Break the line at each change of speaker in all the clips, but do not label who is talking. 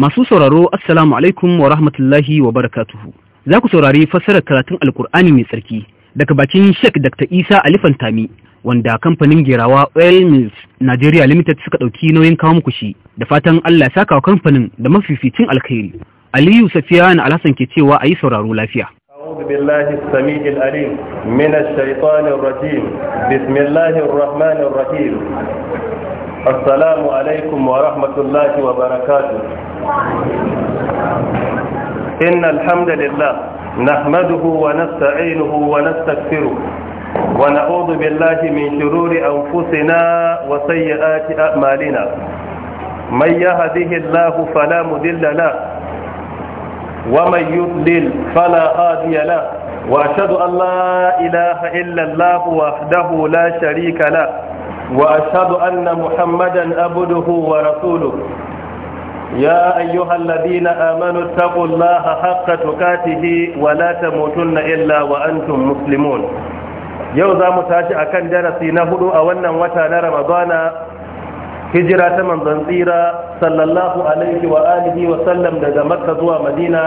Masu sauraro Assalamu alaikum wa rahmatullahi wa barakatuhu. Za ku saurari fassarar karatun Alkur'ani mai tsarki daga bakin Sheikh Dr. Isa ali fantami wanda kamfanin gerawa Oil Mills Nigeria Limited suka ɗauki nauyin kawo muku shi da fatan Allah ya saka wa kamfanin da mafificin alkhairi. Aliyu Safiya na Alhassan ke cewa a yi sauraro lafiya. أعوذ بالله السميع العليم من الشيطان الرجيم بسم الله الرحمن الرحيم السلام عليكم ورحمة الله وبركاته إن الحمد لله نحمده ونستعينه ونستكفره ونعوذ بالله من شرور أنفسنا وسيئات أعمالنا من يهده الله فلا مذل له ومن يضلل فلا هادي له وأشهد أن لا إله إلا الله وحده لا شريك له وأشهد أن محمدا أبده ورسوله يا أيها الذين آمنوا اتقوا الله حق تكاته ولا تموتن إلا وأنتم مسلمون يوزا متاشي أكن درسي نهدو أولا وتانا رمضان هجرة من ذنزيرا صلى الله عليه وآله وسلم دقى مكة زوى مدينة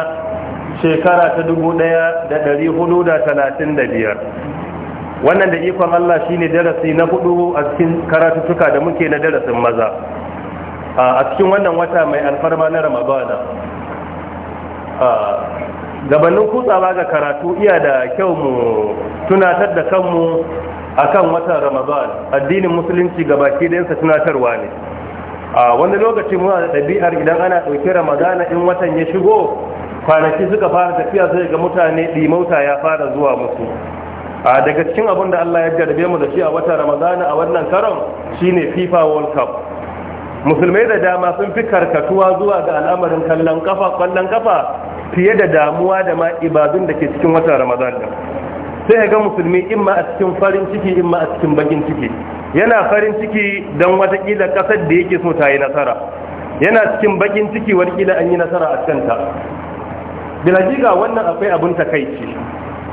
شكرة تدقو ديا دقى لي هدو دا 35 wannan da ikon Allah shi ne darasi na hudu a cikin karatuka da muke na darasin maza a cikin wannan wata mai alfarma na ramadana gabanin kutsawa ga karatu iya da kyau mu tunatar da kanmu akan watan ramadan addinin musulunci gabaki yansa tunatarwa ne a wani lokaci muna da ɗabi'ar idan ana ɗauki ramadana in watan ya shigo kwanaki suka fara tafiya sai ga mutane ɗimauta ya fara zuwa musu daga cikin abin da Allah ya jarbe mu da shi a wata ramadana a wannan karon shine FIFA World Cup musulmai da dama sun fi karkatuwa zuwa ga al'amarin kallon kafa kallon kafa fiye da damuwa da ma ibadun da ke cikin watan Ramadana. sai ga musulmi imma a cikin farin ciki imma a cikin bakin ciki yana farin ciki don kila kasar da yake so ta yi nasara yana cikin bakin ciki wani kila an yi nasara a kanta bilhaji wannan akwai abin takaici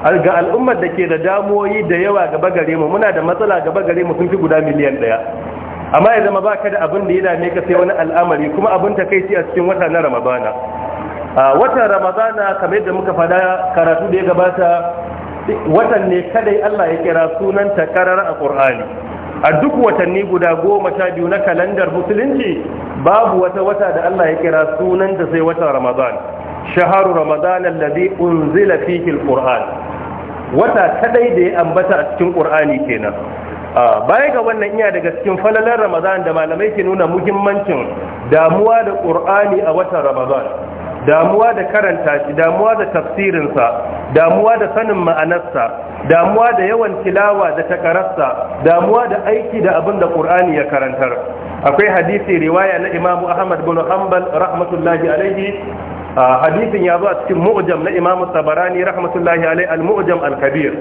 ga al'ummar da ke da damoyi da yawa gaba gare mu muna da matsala gaba gare mu sun fi guda miliyan ɗaya amma ya zama baka da abin da ya dame ka sai wani al'amari kuma abin ta kai a cikin wata na ramadana a watan ramadana kamar yadda muka fada karatu da ya gabata watan ne kadai Allah ya kira sunan ta karar a Qur'ani a duk watanni guda goma sha biyu na kalandar musulunci babu wata wata da Allah ya kira sunan ta sai watan ramadana shaharu ramadan alladhi unzila fihi alquran wata kadai da ya ambata a cikin ƙur'ani kenan baya ga wannan iya daga cikin falalar ramadan da malamai ke nuna muhimmancin damuwa da ƙur'ani a watan ramadan damuwa da karanta shi damuwa da tafsirinsa damuwa da sanin ma'anarsa damuwa da yawan filawa da takararsa damuwa da aiki da abin da ƙur'ani ya karantar akwai hadisi riwaya na imamu ahmad bin hanbal rahmatullahi alaihi hadisin ya zo a cikin mu'jam na imamu tabarani rahmatullahi alai al-mu'jam al-kabir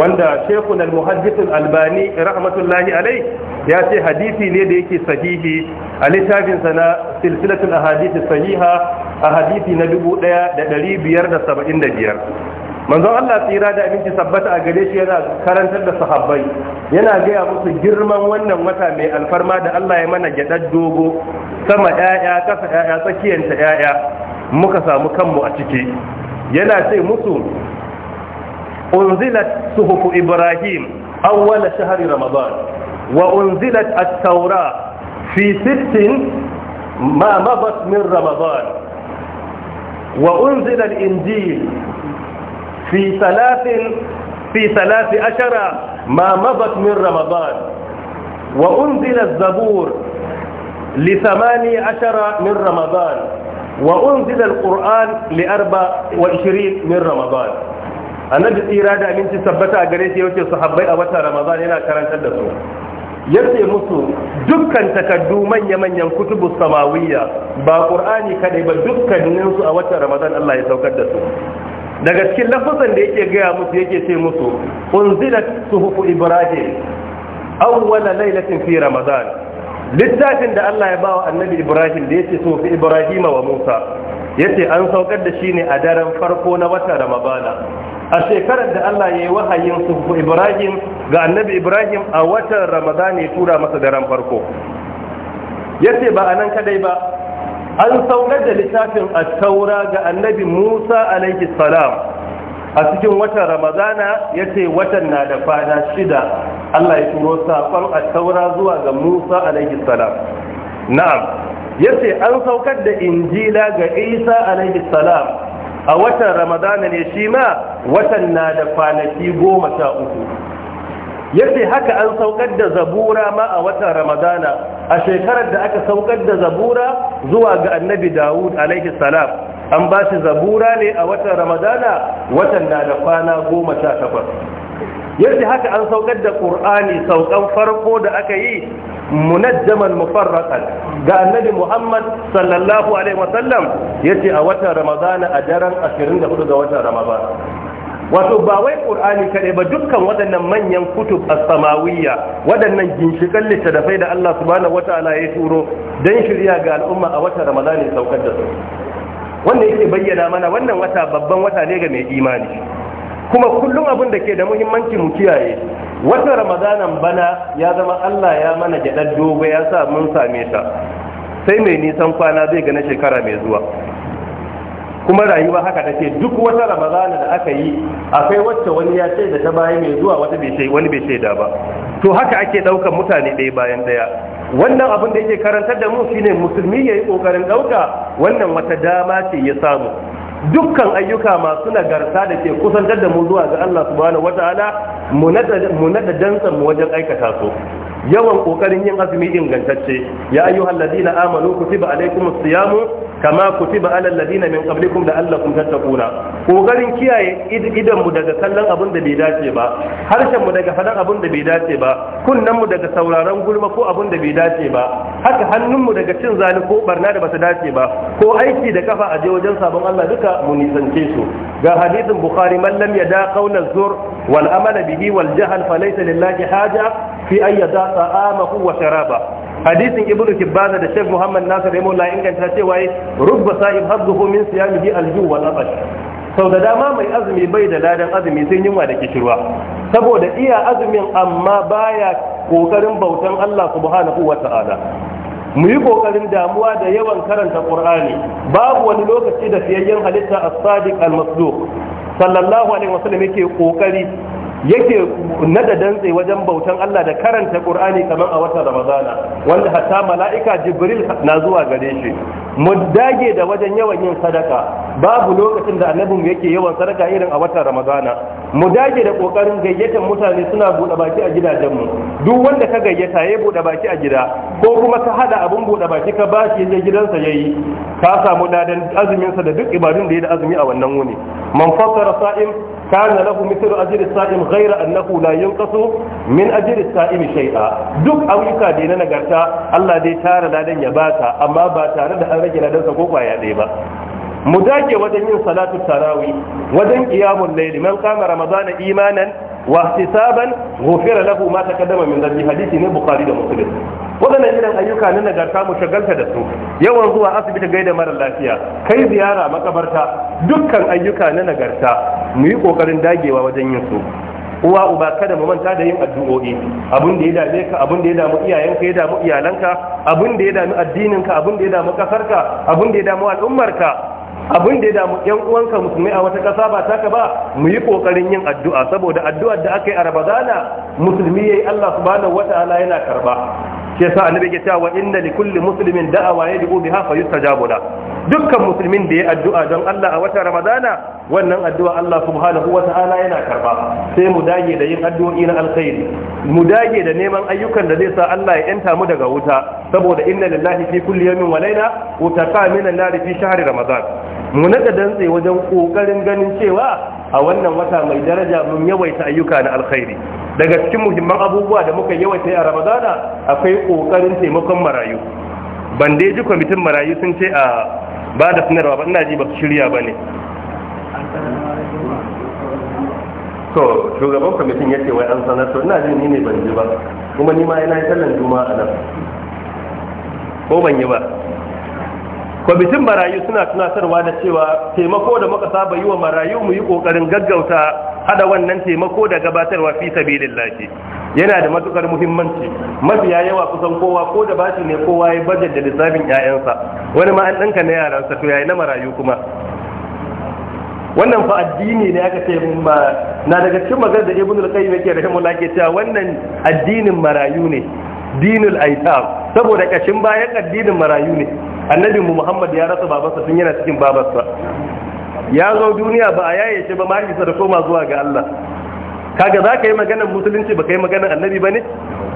wanda shekun al al-albani rahmatullahi alai ya ce hadisi ne da yake sahihi a littafin sa na silsilatul ahadith sahiha a hadisi na 1575 manzon Allah tsira da aminci sabbata a gare shi yana karantar da sahabbai yana gaya musu girman wannan wata mai alfarma da Allah ya mana gyadar dogo sama 'ya'ya, kasa 'ya'ya, tsakiyarta 'ya'ya. muka samu kanmu a ciki yana ce musu unzilat suhufu ibrahim awwal shahri ramadan wa unzilat at-taura fi sittin ma mabat min ramadan wa unzila al-injil fi fi thalath ashara ma ثلاث min ramadan wa unzila az-zabur li thamani ashara min ramadan Wa وأنزل القرآن لأربع وعشرين من رمضان annabi tsira da aminci sabbata a gare shi yake sahabbai a watan ramadan yana karantar da su yace musu dukkan takaddu manya manyan kutubu samawiyya ba qur'ani kadai ba dukkanin su a watan ramadan Allah ya saukar da su daga cikin lafazan da yake gaya musu yake ce musu unzilat suhuf ibrahim awwala lailatin fi ramadan littafin da Allah ya bawa annabi Ibrahim da yake sofi Ibrahim Ibrahima wa Musa yace an saukar da shi ne a daren farko na watan Ramadana a shekarar da Allah ya yi wahayin su Ibrahim ga annabi Ibrahim a watan Ramadana ya tura masa daren farko yace ba anan kadai ba an saukar da littafin at-taura ga annabi Musa alaihi salam a cikin watan Ramadana yace watan na da fada shida Allah ya turo saƙon a taura zuwa ga Musa alaihi salam na'am yace an saukar da injila ga Isa alaihi salam a watan Ramadana ne shi ma watan na da kwanaki goma sha uku yace haka an saukar da zabura ma a watan Ramadana a shekarar da aka saukar da zabura zuwa ga annabi Dawud alaihi salam an ba shi zabura ne a watan Ramadana watan na da kwana goma sha takwas yadda haka an saukar da ƙur'ani saukan farko da aka yi munajjaman mufarraqan ga annabi Muhammad sallallahu alaihi wasallam yace a watan Ramadana a daren 24 ga watan Ramadana wato ba wai qur'ani kaɗai ba dukkan waɗannan manyan kutub a samawiyya waɗannan ginshiƙan littattafai da Allah subhanahu wataala ya turo dan shirya ga al'umma a watan Ramadana saukar da su wannan yake bayyana mana wannan wata babban wata ne ga mai imani kuma kullum abin da ke da muhimmanci mu kiyaye wata ramadanan bana ya zama Allah ya mana gyaɗar dogo ya sa mun same ta sai mai nisan kwana zai na shekara mai zuwa kuma rayuwa haka take duk wata ramadana da aka yi akwai wacce wani ya ce da ta baya mai zuwa wata wani bai shaida ba to haka ake ɗaukar mutane ɗaya bayan ɗaya wannan abin da yake karantar da mu shine musulmi ya yi ƙoƙarin ɗauka wannan wata dama ce ya samu dukkan ayyuka masu nagarta da ke kusantar da mu zuwa ga Allah subhanahu wataala mu nada dantsan mu wajen aikata su yawan kokarin yin azumi ingantacce ya ayyuhal ladina amanu kutiba alaykumus siyamu kama kutiba ala alladhina min qablikum la'allakum tattaquna kokarin kiyaye idan mu daga kallon abin da bai dace ba harshen mu daga fadan abin da bai dace ba kunnan mu daga sauraron gulma ko abin da bai dace ba haka hannun mu daga cin zali ko barna da bata dace ba ko aiki da kafa a je wajen sabon Allah duka mu nisance su ga hadisin bukhari man lam yada qawla zur wal amala bihi wal jahl lillahi haja fi an yada ta'amahu wa sharaba hadisin ibnu kibbana da shaykh muhammad nasir rahimahullah inganta cewa rubba sa'ib hadduhu min siyamihi alju wal abash sau da dama mai azumi bai da ladan azumi sai yunwa da kishirwa saboda iya azumin amma baya kokarin bautan Allah subhanahu wa ta'ala mu yi kokarin damuwa da yawan karanta qur'ani babu wani lokaci da fiyayyen halitta as-sadiq al-masduq sallallahu alaihi wasallam yake kokari yake nada dantse wajen bautan Allah da karanta Qur'ani kamar a watan Ramadana wanda hatta mala'ika Jibril na zuwa gare shi mu dage da wajen yawan yin sadaka babu lokacin da annabin yake yawan sadaka irin a watan Ramadana mu dage da kokarin gayyata mutane suna bude baki a gidajenmu duk wanda ka gayyata ya bude baki a gida ko kuma ka hada abun bude baki ka bashi ya gidansa yayi ka samu dadan azumin sa da duk ibadun da ya da azumi a wannan wuni man fassara sa'im kana lahu mithlu a sa'im ghayra annahu la yunqasu min ajri sa'im shay'a duk auyuka da na nagarta Allah dai tara ladan ya baka amma ba tare da an rage ladansa ko kwaya ɗaya ba mu dage wajen yin salatu tarawi wajen qiyamul layl man qama ramadana imanan wa ihtisaban ghufira lahu ma taqaddama min dhanbi hadisi ne bukhari da muslim wadannan irin ayyuka ne nagarta mu shagalta da su yawan zuwa asibiti gaida mara lafiya kai ziyara makabarta dukkan ayyuka na nagarta mu yi kokarin dagewa wajen yin su uwa uba kada mu manta da yin addu'o'i abin da ya dame ka abin da ya damu iyayenka ya damu iyalanka abin da ya damu addininka abin da ya damu kasarka abin da ya damu al'ummarka abin da ya damu yan uwanka musulmai a wata ƙasa ba taka ba mu yi ƙoƙarin yin addu'a saboda addu'ar da aka yi a musulmi musulmi yayi Allah subhanahu wataala yana karba shi yasa annabi ke cewa inna li kulli muslimin da'awa yad'u biha fa yustajabu la dukkan musulmin da ya addu'a don Allah a watan Ramadana wannan addu'a Allah subhanahu wa ta'ala yana karba sai mu dage da yin addu'o'i na alkhairi mu dage da neman ayyukan da zai sa Allah ya yanta mu daga wuta saboda inna lillahi fi kulli yawmin wa layla wa taqa min an-nar fi shahri ramadan mu naga dantse wajen kokarin ganin cewa a wannan wata mai daraja mun yawaita ayyuka na alkhairi daga cikin muhimman abubuwa da muka yawaita a ramadana akwai kokarin taimakon marayu ban dai ji kwamitin marayu sun ce a ba da sanarwa ba ina ji ba shirya ba ne to shugaban kwamitin ya ce wai an sanar to ina ji ni ne ban ji ba kuma ni ma yana yi juma'a nan ko ban yi ba kwamitin marayu suna tunatarwa da cewa taimako da muka saba yi wa marayu mu yi kokarin gaggauta hada wannan taimako da gabatarwa fi sabilillahi yana da matukar muhimmanci mafiya yawa kusan kowa ko da bashi ne kowa ya bajar da lissafin 'ya'yansa wani ma an ɗanka na yaransa to yayi na marayu kuma wannan fa addini ne aka ce ba, na daga cikin maganar da ibnu al-qayyim yake rahimahullah ke cewa wannan addinin marayu ne dinul aitam saboda kashin bayan addinin marayu ne annabi mu Muhammad ya rasa babansa tun yana cikin babarsa ya zo duniya ba a yaye shi ba ma isa da koma zuwa ga Allah kaga za ka yi maganar musulunci ba ka yi maganar annabi ba ne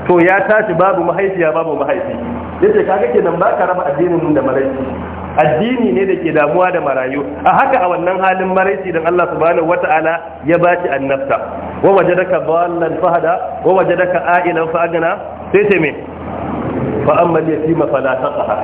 to ya tashi babu mahaifiya babu mahaifi ya ce kaga kenan ba ka raba addinin da maraici addini ne da ke damuwa da marayu a haka a wannan halin maraici don Allah subhanahu wata'ala ya ba shi annabta wa wajadaka dhallan fahada wa wajadaka a'ilan fa'agana sai ce me fa amma yatima fala taqhar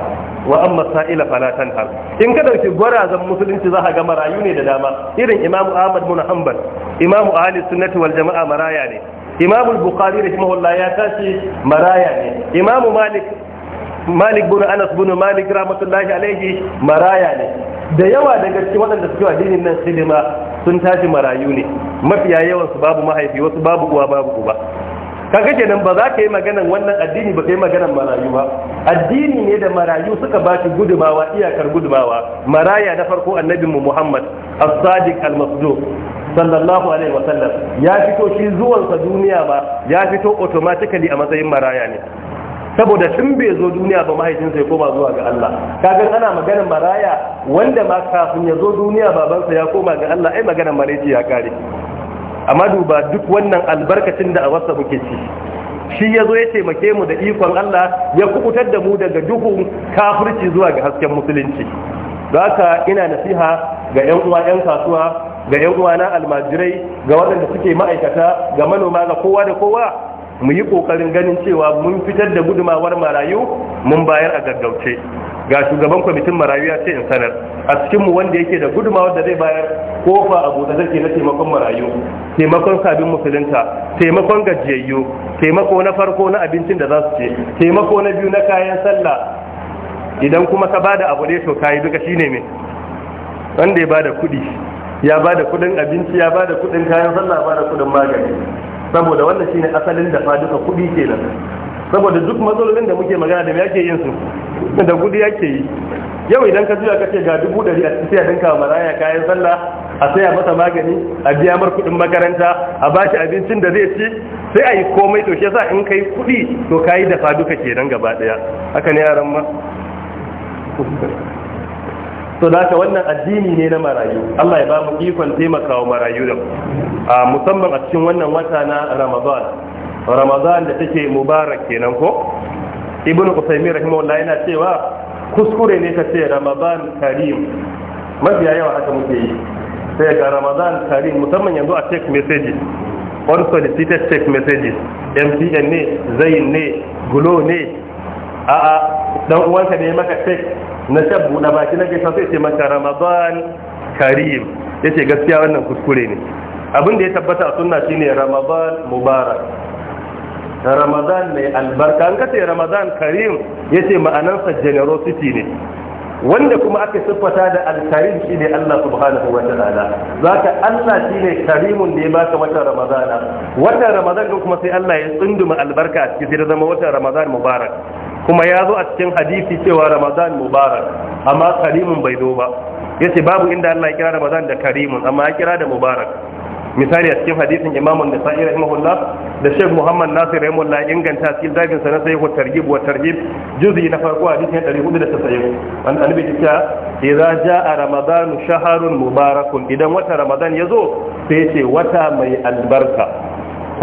wa amma sa'ila falatan tanhar in ka dauki gwarazan musulunci za ka ga marayu ne da dama irin imamu ahmad bin hanbal imamu ahli sunnati wal jamaa maraya ne imamu bukhari rahimahullah ya tashi maraya ne imamu malik malik bin anas bin malik rahmatullahi alaihi maraya ne da yawa daga cikin waɗanda suke addinin nan silima sun tashi marayu ne mafiya yawan su babu mahaifi wasu babu uwa babu uba kaga kenan ba za ka yi maganan wannan addini ba ka yi maganan marayu ba addini ne da marayu suka ba shi gudumawa iyakar gudumawa maraya na farko annabin mu Muhammad as-sadiq al-masduq sallallahu alaihi wa sallam ya fito shi zuwan sa duniya ba ya fito automatically a matsayin maraya ne saboda tun bai zo duniya ba mahaifinsa ya koma zuwa ga Allah kaga ana maganan maraya wanda ma kafin ya zo duniya babansa ya koma ga Allah ai maganan maraici ya kare amma duba duk wannan albarkacin da a wasa muke ci shi ya zo ya taimake mu da ikon Allah ya kukutar da mu daga duhun kafirci zuwa ga hasken musulunci da haka ina nasiha ga 'yan uwa 'yan kasuwa ga 'yan uwa na almajirai ga waɗanda suke ma'aikata ga manoma ga kowa da kowa mu yi ƙoƙarin ganin cewa mun fitar da gudumawar marayu mun bayar a gaggauce ga shugaban kwamitin marayu ya ce in sanar a cikin mu wanda yake da gudumawa da zai bayar kofa a buɗe zake na taimakon marayu taimakon sabin musulunta taimakon gajiyayyu taimako na farko na abincin da za su ce taimako na biyu na kayan sallah idan kuma ka bada abu ne to yi duka shine me wanda ya bada kuɗi ya bada kuɗin abinci ya bada kuɗin kayan sallah ya bada kuɗin magani saboda wannan shine asalin dafa duka kuɗi kenan saboda duk matsalolin da muke magana da yake yin su da gudu yake yi yau idan ka juya ka ce ga dubu ɗari a cikin yadin ka maraya kayan sallah a saya masa magani a biya mar kuɗin makaranta a ba shi abincin da zai ci sai a yi komai to shi yasa in kai kuɗi to kayi dafa duka kenan gaba ɗaya haka ne yaran ma to da ka wannan addini ne na marayu Allah ya ba mu ikon taimakawa marayu da musamman a cikin wannan wata na Ramadan ramadan da take mubarak kenan ko ibnu usaymin rahimahullah yana cewa kuskure ne ka ce ramadan karim mafiya yawa haka muke yi sai ga ramadan karim musamman yanzu a check messages unsolicited check messages mtn ne Zain ne glo ne a a dan uwanka ne maka check na shan buɗe baki na gaisa sai ce maka ramadan karim yace gaskiya wannan kuskure ne abin da ya tabbata a sunna shine ramadan mubarak ramadan mai albarka an kace ramadan karim yace ma'anarsa generosity ne wanda kuma aka siffata da alkarim shi ne Allah subhanahu wa ta'ala za Allah shi ne karimun da ya baka wata ramadana watan ramadan din kuma sai Allah ya tsunduma albarka a cikin da zama watan ramadan mubarak kuma ya zo a cikin hadisi cewa ramadan mubarak amma karimun bai zo ba yace babu inda Allah ya kira ramadan da karimun amma ya kira da mubarak misali a cikin hadisin imamun da rahimahullah da Sheikh Muhammad Nasir Rahimullah inganta cikin zabin sa na sahihu targhib wa juz'i na farko hadisin 490 an annabi ta idza jaa ramadan shahrun mubarakun idan wata ramadan yazo sai ce wata mai albarka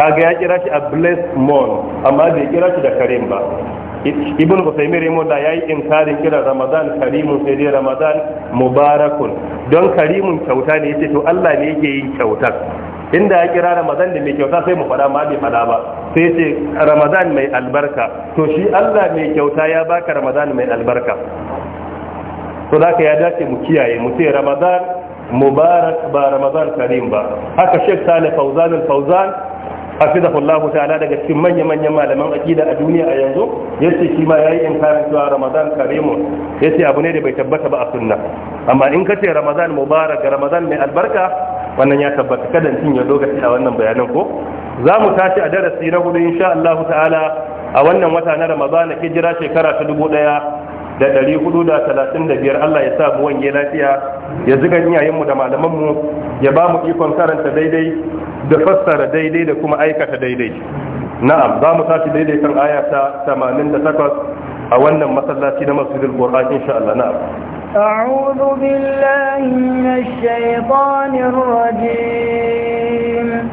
kaga ya kira shi a blessed month amma bai kira shi da karim ba ibn Usaimin Raymond yayi yi inkarin kira Ramadan karimun sai dai Ramadan mubarakun don karimun kyauta ne yace to Allah ne yake yin kyautar inda ya kira ramadan da mai kyauta sai mu faɗa ma bai faɗa ba sai ce ramadan mai albarka to shi allah mai kyauta ya baka ramadan mai albarka to da ya dace mu kiyaye mu ce ramadan mubarak ba ramadan karim ba haka shek sale fauzan fauzan Allah ta'ala daga cikin manya manyan malaman aqida a duniya a yanzu yace shi ma yayi inkarin cewa ramadan karim yace abu ne da bai tabbata ba a sunna amma in ka ce ramadan mubarak ramadan mai albarka wannan ya tabbata kada mutum ya lokaci a wannan bayanan ko za mu tashi a darasi na hudu insha Allah ta'ala a wannan wata na Ramadan ke jira shekara ta dubu ɗaya da ɗari hudu da talatin da biyar Allah ya sa mu wange lafiya ya ziga mu da malaman mu ya ba mu ikon karanta daidai da fassara daidai da kuma aikata daidai na'am za mu tashi daidai kan aya ta 88 a wannan masallaci na masjidil qur'an insha Allah na'am
أعوذ بالله من الشيطان الرجيم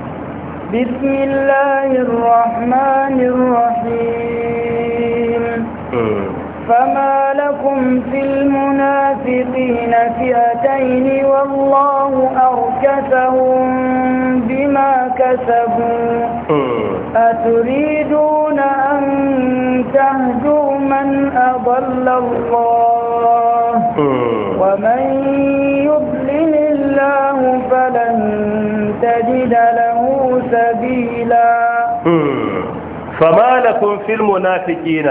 بسم الله الرحمن الرحيم فما لكم في المنافقين فئتين والله أركسهم بما كسبوا أتريدون أن تهدوا من أضل الله Hmm. ومن يضلل الله فلن تجد له سبيلا
hmm. فما لكم في المنافقين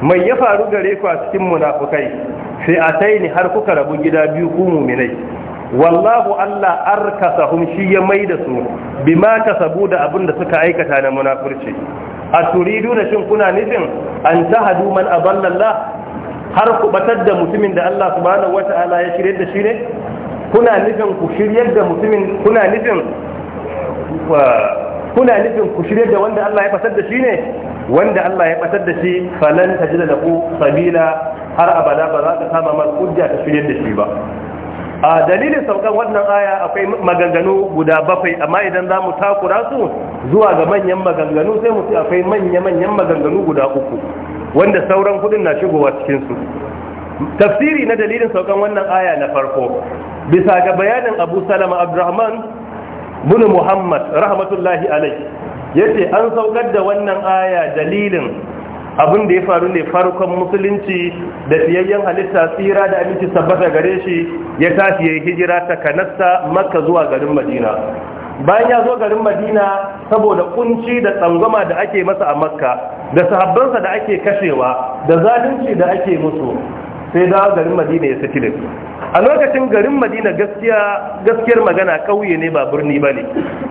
mai ya faru gare ku a cikin munafukai sai ne har kuka rabu gida biyu ku muminai wallahu Allah arkasahum shi ya mai da su bimata saboda abin da suka aikata na munafurci a turidu na shin kuna nufin an haduman man aballallah har ku batar da mutumin da Allah subhanahu ta'ala ya shirye da shi ne kuna nufin ku shiryar da mutumin kuna nufin kuna nufin ku shiryar da wanda Allah ya batar da shi ne wanda Allah ya batar da shi falan tajida ku, sabila har abada ba za ka kama mar hujja ta shiryar da shi ba a dalilin saukan wannan aya akwai maganganu guda bakwai amma idan za mu takura su zuwa ga manyan maganganu sai mu akwai manya-manyan maganganu guda uku wanda sauran kudin na shigowa cikin su tafsiri na dalilin saukan wannan aya na farko bisa ga bayanin Abu Salama Abdurrahman bin Muhammad rahmatullahi alaihi yace an saukar da wannan aya dalilin abin da ya faru ne farkon musulunci da siyayyen halitta tsira da aminci sabbata gare shi ya tafi ya hijira ta kanasta makka zuwa garin madina bayan ya zo garin madina saboda kunci da tsangwama da ake masa a makka da sahabbansa da ake kashewa da zalunci da ake musu sai da garin madina ya saki da su a lokacin garin madina gaskiyar magana kauye ne ba birni ba ne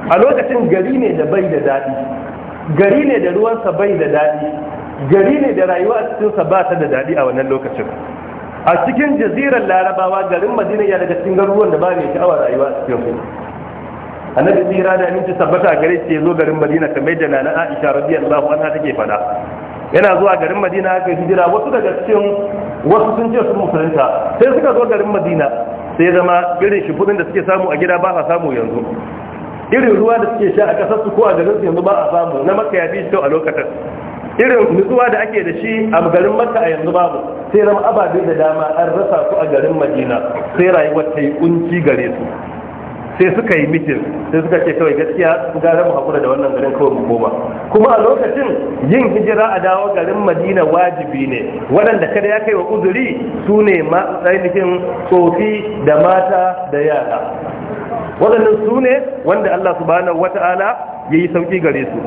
a lokacin gari ne da bai da daɗi gari ne da ruwansa bai da daɗi gari ne da rayuwa a cikinsa ba ta da daɗi a wannan lokacin a cikin jazirar larabawa garin madina ya daga cikin garuruwan da ba mai sha'awar rayuwa a cikin annabi tsira da aminci sabbata gare shi zo garin madina kamar da nana aisha radiyallahu anha take fada yana zuwa garin madina aka yi hijira wasu daga cikin wasu sun ce sun musulunta sai suka zo garin madina sai zama irin kudin da suke samu a gida ba a samu yanzu irin ruwa da suke sha a kasar su ko a garin su yanzu ba a samu na makka ya fi shi a lokacin irin nutsuwa da ake da shi a garin makka a yanzu babu sai zama ababe da dama an rasa su a garin madina sai rayuwar ta yi kunci gare su sai suka yi mitin sai suka ce kawai gaskiya gara mu hakura da wannan garin kawai mu koma kuma a lokacin yin hijira a dawo garin madina wajibi ne waɗanda kada ya kai wa uzuri su ne ainihin tsofi da mata da yara waɗannan su ne wanda allah subhanahu wata'ala ya yi sauƙi gare su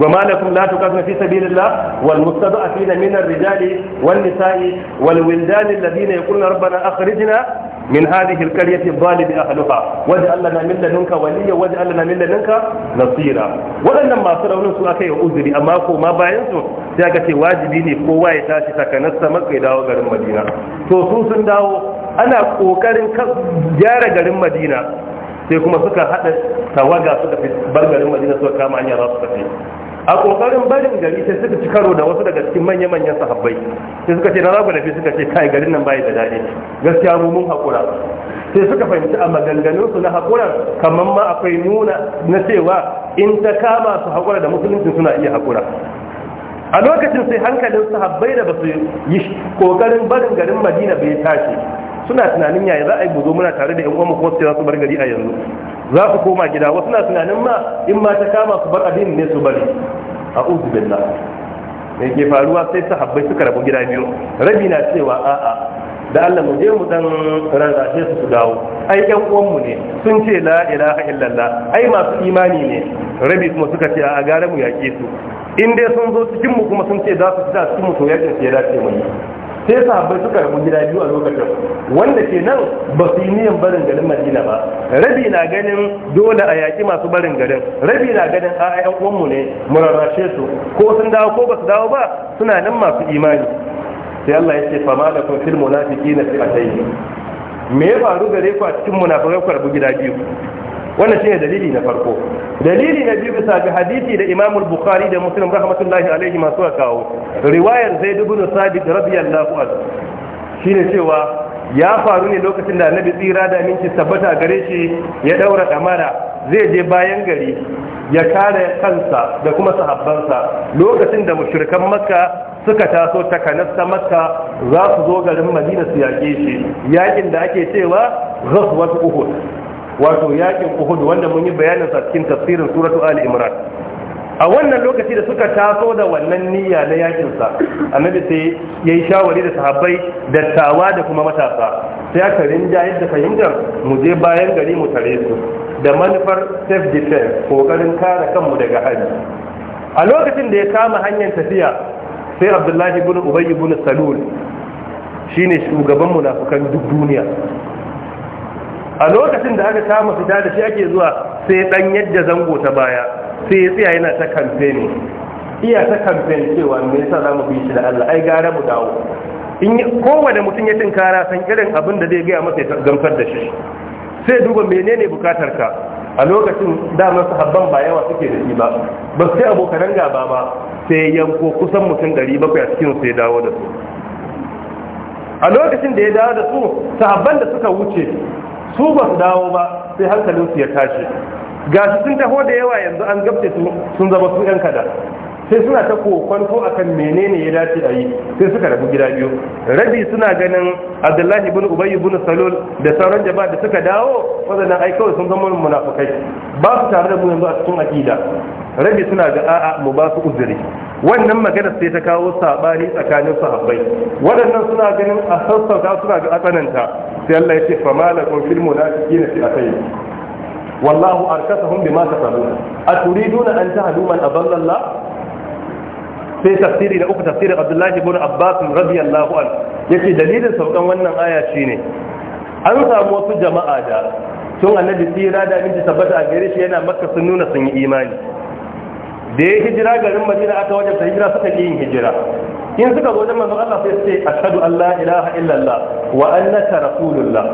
وما لكم لا تقاتلون في سبيل الله والمستضعفين من الرجال والنساء والولدان الذين يقولون ربنا اخرجنا من هذه القرية الظالم أهلها واجعل لنا من لدنك وليا واجعل لنا من لدنك نصيرا waɗannan masu raunin su aka yi uzuri amma koma bayansu bayan su sai aka ce wajibi ne kowa ya tashi takanasta maka ya dawo garin Madina to su sun dawo ana kokarin gyara garin Madina sai kuma suka haɗa tawaga suka fi garin madina suka kama hanyar za su tafi a kokarin barin gari sai suka ci karo da wasu daga cikin manya-manyan sahabbai sai suka ce na ragu lafi suka ce kai garin nan bayi da daɗe. gaskiya mu mun haƙura sai suka fahimci a maganganun su na haƙura kamar ma akwai nuna na cewa in ta kama su haƙura da musulunci suna iya haƙura a lokacin sai hankalin sahabbai da ba su yi kokarin barin garin madina bai tashi suna tunanin yaya za a yi buzo muna tare da yan uwanmu kuma su za su bar gari a yanzu za su koma gida wasu na tunanin ma in ma ta kama su bar abin ne su bari a uzu billah me ke faruwa sai sahabbai suka rabu gida biyu rabi na cewa a'a da Allah mu je mu dan ranza su su dawo ai yan uwanmu ne sun ce la ilaha illallah ai masu imani ne rabi kuma suka ce a gara mu yake su in dai sun zo cikin mu kuma sun ce za su da cikin mu to yakin su ya dace mu sai sahabbai suka rabu gida biyu a lokacin wanda ke nan ba su yi niyan barin garin madina ba rabi na ganin dole a yaƙi masu barin garin rabi na ganin a 'yan uwanmu ne mu rarrashe su ko sun dawo ko ba su dawo ba suna nan masu imani sai Allah ya ce fama da kun fil na fi yi. me ya faru gare ku a cikin munafurai ku rabu gida biyu wannan shine dalili na farko dalili na biyu bisa ga hadisi da Imam al-Bukhari da Muslim rahmatullahi alaihi masu kawo riwayar Zaid ibn Sabit radiyallahu anhu shine cewa ya faru ne lokacin da Annabi tsira da minci tabbata gare shi ya daura kamara zai je bayan gari ya kare kansa da kuma sahabbansa lokacin da mushrikan Makka suka taso ta kanasta Makka za su zo garin Madina su yaƙe shi yaƙin da ake cewa ghazwat Uhud wato yaƙin uhud wanda mun yi bayanin sa cikin tafsirin suratu ali imran a wannan lokaci da suka taso da wannan niyya na yakin sa annabi sai yayi shawari da sahabbai dattawa da kuma matasa sai aka rinja yadda fahimtar mu je bayan gari mu tare su da manufar self defense kokarin kare kanmu daga hari a lokacin da ya kama hanyar tafiya sai abdullahi ibn ubay ibn salul shine shugaban munafukan duk duniya a lokacin da aka kama fita da shi ake zuwa sai dan yadda zango ta baya sai ya tsaya yana ta kamfeni iya ta kamfen cewa me yasa za mu bishi da Allah ai gara mu dawo in kowane mutum ya tinkara san irin abin da zai gaya masa ya gamsar da shi sai duba menene bukatar ka a lokacin da damar sahabban ba yawa suke da shi ba ba sai abokan gaba ba sai yanko kusan mutum 700 a cikin su ya dawo da su a lokacin da ya dawo da su sahabban da suka wuce su ba su dawo ba sai hankalinsu ya tashi gashi sun taho da yawa yanzu an gabce sun zama su yan kada sai suna ta kokonto akan menene ya dace a yi sai suka rabu gida biyu rabi suna ganin abdullahi ibn ubayy ibn salul da sauran jama'a da suka dawo wadannan ai kawai sun zama munafukai ba su tare da mu yanzu a cikin aqida rabi suna ga a'a mu ba su uzuri wannan magana sai ta kawo sabani tsakanin sahabbai waɗannan suna ganin a sassauta suna ga tsananta sai Allah ya ce fa malakum fil munafiqina fi atayn wallahu arkasahum bima tasabun aturiduna an tahdu man aballa Allah sai tafsiri da uku tafsirin abdullahi ibn abbas radiyallahu an yace dalilin saukan wannan aya shine an samu wasu jama'a da tun annabi tira da abinci tabbata a gare shi yana makka sun nuna sun yi imani da yake hijira garin madina aka wajen ta hijira suka yi yin hijira in suka zo da manzon Allah sai su ce ashhadu an la ilaha illallah wa annaka rasulullah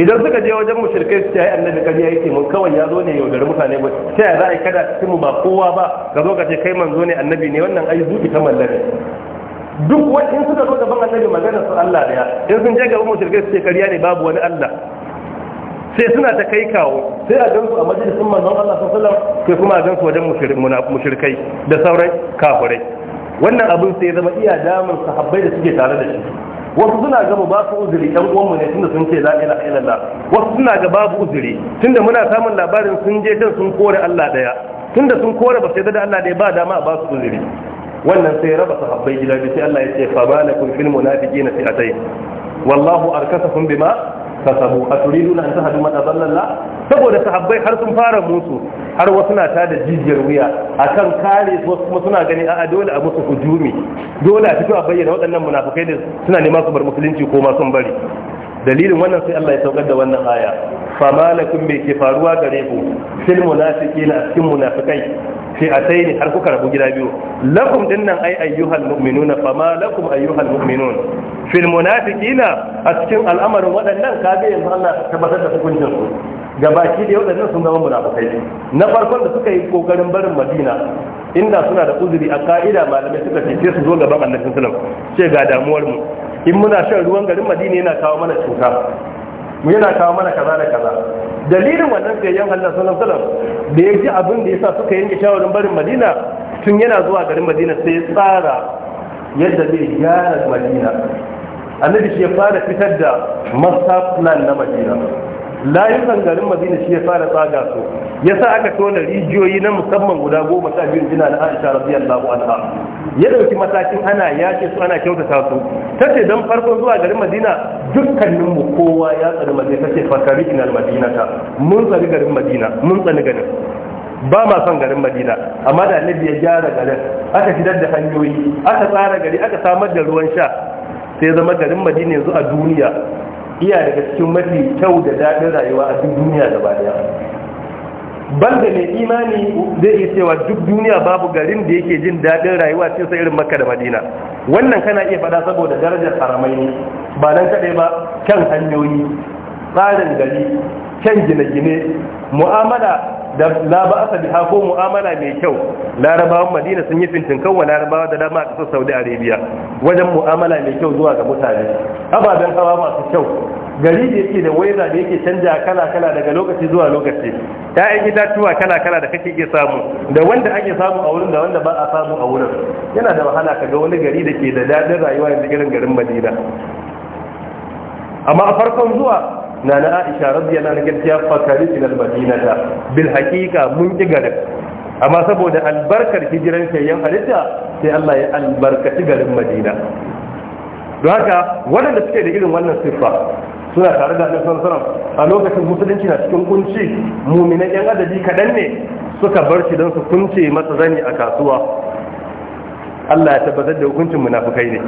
idan suka je wajen mushirkai su tayi annabi ya yake mun kawai ya zo ne yau gari mutane ba ta ya za a kada cikin mu ba kowa ba ka zo ka ce kai manzo ne annabi ne wannan ai zuki ta mallaka duk wani in suka zo ban annabi maganar su Allah ya, in sun je gaba mushirkai su ce kariya ne babu wani Allah sai suna ta kai kawo sai a gansu a majalisun manzon Allah sallallahu alaihi wasallam sai kuma a gansu wajen mushirkai da sauran kafirai wannan abin sai zama iya damun sahabbai da suke tare da shi wasu suna ga ba su uzuri ɗan uwanmu ne tunda sun ce la ilaha wasu suna ga babu uzuri tunda muna samun labarin sun je can sun kore Allah daya tunda sun kore ba sai da Allah daya ba dama ba su uzuri wannan sai raba sahabbai gida bi sai Allah ya ce fa balakum fil munafiqina fi'atayn wallahu arkasahum bima kasabu a turiduna an tahadu man adalla saboda sahabbai har sun fara musu har wasu na ta da jijiyar wuya a kan kare su wasu kuma suna gani a dole a musu hujumi dole a fito a bayyana waɗannan munafukai da suna neman su bar musulunci ko ma sun bari dalilin wannan sai Allah ya saukar da wannan aya fama malakum bi ke faruwa gare ku fil munafiqina a cikin sai a sai ne har kuka rabu gida biyu lakum dinnan ai ayyuhal mu'minuna fama malakum ayyuhal mu'minun fil munafiqina a cikin al'amarin waɗannan kaga yanzu Allah tabbatar da hukuncin su Ga baki da waɗannan sun zama munafukai na farkon da suka yi kokarin barin madina inda suna da uzuri a ka'ida malamai suka ce sai su zo gaban annabi sallam ce ga damuwar mu in muna shan ruwan garin madina yana kawo mana cuta mu yana kawo mana kaza da kaza dalilin wannan yan Allah sallallahu alaihi da ya ji abin da yasa suka yanke shawarin barin madina tun yana zuwa garin madina sai ya tsara yadda zai gyara madina annabi shi ya fara fitar da master plan na madina layukan garin madina shi ya fara tsaga su ya sa aka tona rijiyoyi na musamman guda goma sha biyu jina na aisha radiyallahu anha ya dauki matakin ana yake su ana kyautata su ta ce don farkon zuwa garin madina dukkanin mu kowa ya tsari madina ta ce fakari ina madina ta mun tsari garin madina mun tsani garin ba ma son garin madina amma da annabi ya gyara garin aka fitar da hanyoyi aka tsara gari aka samar da ruwan sha sai zama garin madina yanzu a duniya iya daga cikin mafi kyau da daɗin rayuwa a duk duniya gaba daya banda mai imani zai iya cewa duk duniya babu garin da yake jin daɗin rayuwa sai sai irin makka da madina wannan kana iya faɗa saboda darajar haramai ne ba nan kaɗai ba kyan hanyoyi tsarin gari kyan gine-gine mu'amala da la ba asa biha ko mu'amala mai kyau larabawan madina sun yi fintinkan wa larabawa da dama a ƙasar saudi arabia wajen mu'amala mai kyau zuwa ga mutane ababen hawa masu kyau gari da yake da waya da yake canja kala kala daga lokaci zuwa lokaci ya'yan itatuwa kala kala da kake iya samu da wanda ake samu a wurin da wanda ba a samu a wurin yana da wahala ka ga wani gari da ke da dadin rayuwa yanzu irin garin madina amma a farkon zuwa na na aisha radiyallahu anha gaskiya fakari ila madinata bil haqiqa mun ki garin amma saboda albarkar hijiran shayyan halitta sai Allah ya albarkaci garin Madina don haka waɗanda suke da irin wannan siffa suna tare da annabi sallallahu a lokacin musulunci na cikin kunci muminan yan adadi kaɗan ne suka bar shi don su kunce masa zani a kasuwa Allah ya tabbatar da hukuncin munafukai ne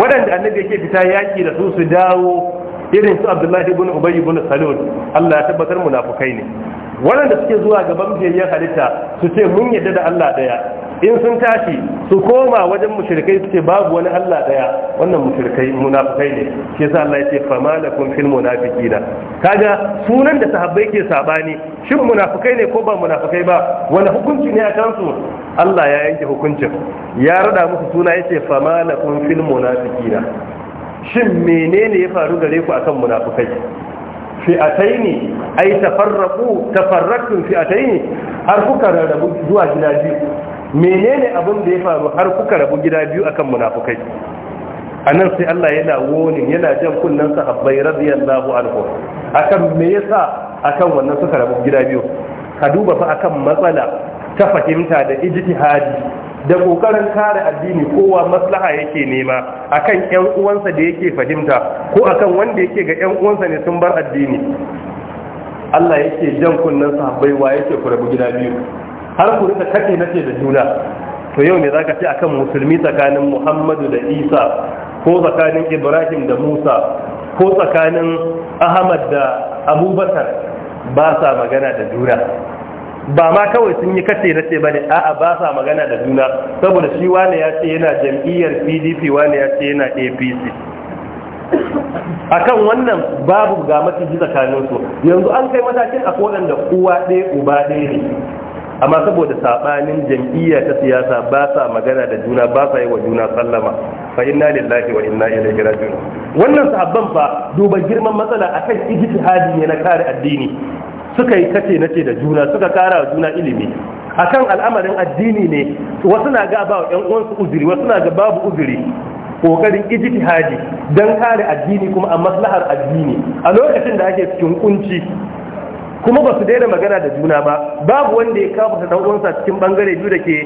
waɗanda annabi yake fita yaki da su su dawo irin su abdullahi ibn ubayy ibn salul Allah ya tabbatar munafukai ne waɗanda suke zuwa gaban biyayyen halitta su ce mun yadda da Allah daya in sun tashi su koma wajen mushrikai su ce babu wani Allah daya wannan mushrikai munafukai ne shi yasa Allah ya ce fama lakum fil munafiqina kaga sunan da sahabbai ke sabani shin munafukai ne ko ba munafukai ba wani hukunci ne a kansu Allah ya yanke hukuncin ya rada musu suna yace fama lakum fil munafiqina shin menene ya faru gare ku akan munafukai fi'ataini ay tafarraqu tafarraqtum fi'ataini har kuka rarrabu zuwa gida biyu menene abin da ya faru har kuka rabu gida biyu akan munafukai anan sai Allah yana woni yana jan kunnan sahabbai radiyallahu anhu akan me yasa akan wannan suka rabu gida biyu ka duba fa akan matsala ta fahimta da ijtihadi da kokarin kare addini kowa maslaha yake nema akan yan uwansa da yake fahimta ko akan wanda yake ga yan uwansa ne sun bar addini Allah yake jan kunnen sahabbai wa yake kurabu gida biyu har ku rika kake nace da juna to yau ne zaka ce akan musulmi tsakanin Muhammadu da Isa ko tsakanin Ibrahim da Musa ko tsakanin Ahmad da Abubakar ba sa magana da juna ba ma kawai sun yi kace na ce bane a'a ba sa magana da juna saboda shi wane ya ce yana jam'iyyar PDP wane ya ce yana APC akan wannan babu ga ji tsakanin su yanzu an kai matakin a da uwa ɗaya uba ɗaya ne amma saboda sabanin jam'iyya ta siyasa ba sa magana da juna ba sa yi wa juna sallama fa inna lillahi wa inna ilaihi raji'un wannan sahabban fa duba girman matsala akan ijtihadi ne na kare addini suka yi kace nace da juna suka kara wa juna ilimi akan al'amarin addini ne wasu na ga ba yan uwansu uzuri wasu na ga babu uzuri kokarin ijtihadi dan kare addini kuma a maslahar addini a lokacin da ake cikin kunci kuma ba su daina magana da juna ba babu wanda ya kafa ta uwansa cikin bangare biyu da ke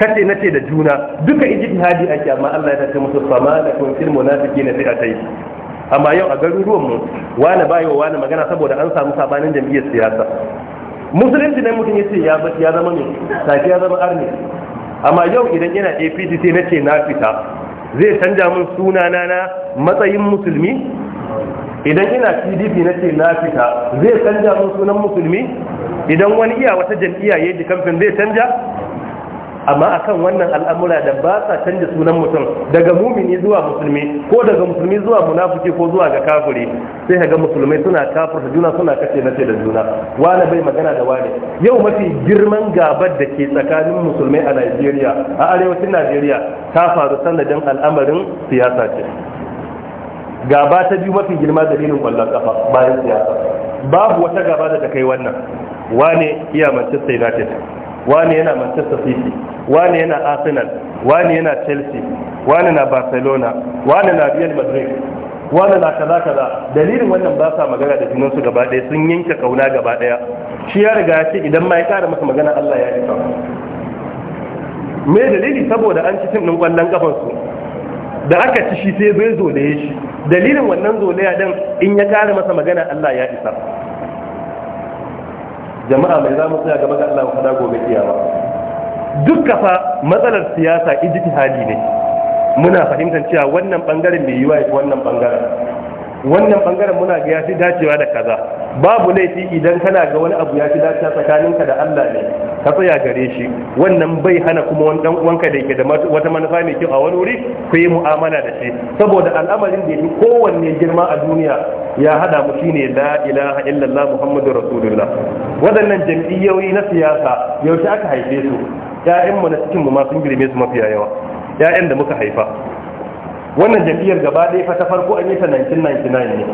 kace nace da juna duka ijtihadi ake amma Allah ya tace musu fama da kun fil munafiqina amma yau a garuruwan mu wani bayo wani magana saboda an samu sabanin jam'iyyar siyasa musulunci ne mutum yace ya ya zama ne tafi ya zama arni amma yau idan yana APC sai na ce na fita zai canja min sunana na matsayin musulmi idan ina pdp na ce na fita zai canja min sunan musulmi idan wani iya wata jam'iyya ya ji kamfin zai canja amma akan wannan al'amura da ba sa canja sunan mutum daga mumini zuwa musulmi ko daga musulmi zuwa munafiki ko zuwa ga kafiri sai ga musulmai suna da juna suna kace nace da juna wani bai magana da wani yau mafi girman gabar da ke tsakanin musulmai a Najeriya a arewacin Najeriya ta faru sanadin al'amarin siyasa ce gaba ta biyu mafi girma dalilin kwallon kafa bayan siyasa babu wata gaba da ta kai wannan wane iya Manchester United wane yana Manchester City wani yana arsenal wani yana chelsea wani na barcelona wani na real madrid wani na kaza kaza dalilin wannan ba sa magana da junansu gaba ɗaya sun yanke kauna gaba ɗaya shi ya riga ya ce idan ma ya kara masa magana allah ya isa me dalili saboda an ci cin kwallon kafan su da aka ci shi sai bai da shi dalilin wannan zolaya ɗin in ya kara masa magana allah ya isa jama'a mai za mu tsaya gaba ga allah wa fada gobe kiyama duka fa matsalar siyasa hali ne muna fahimtar cewa wannan bangaren mai yiwa ya wannan bangaren wannan bangaren muna ga fi dacewa da kaza babu laifi idan kana ga wani abu ya yafi dacewa tsakaninka da Allah ne ka tsaya gare shi wannan bai hana kuma wani dan uwanka da yake da wata manufa mai kyau a wani wuri ku yi mu'amala da shi saboda al'amarin da yake kowanne girma a duniya ya hada mu shine la ilaha illallah muhammadur rasulullah waɗannan jam'iyyoyi na siyasa yaushe aka haife su ya'yan mu na cikin mu ma sun girme su mafiya yawa ya'yan da muka haifa wannan jam'iyyar gaba ɗaya fa ta farko an yi ta 1999 ne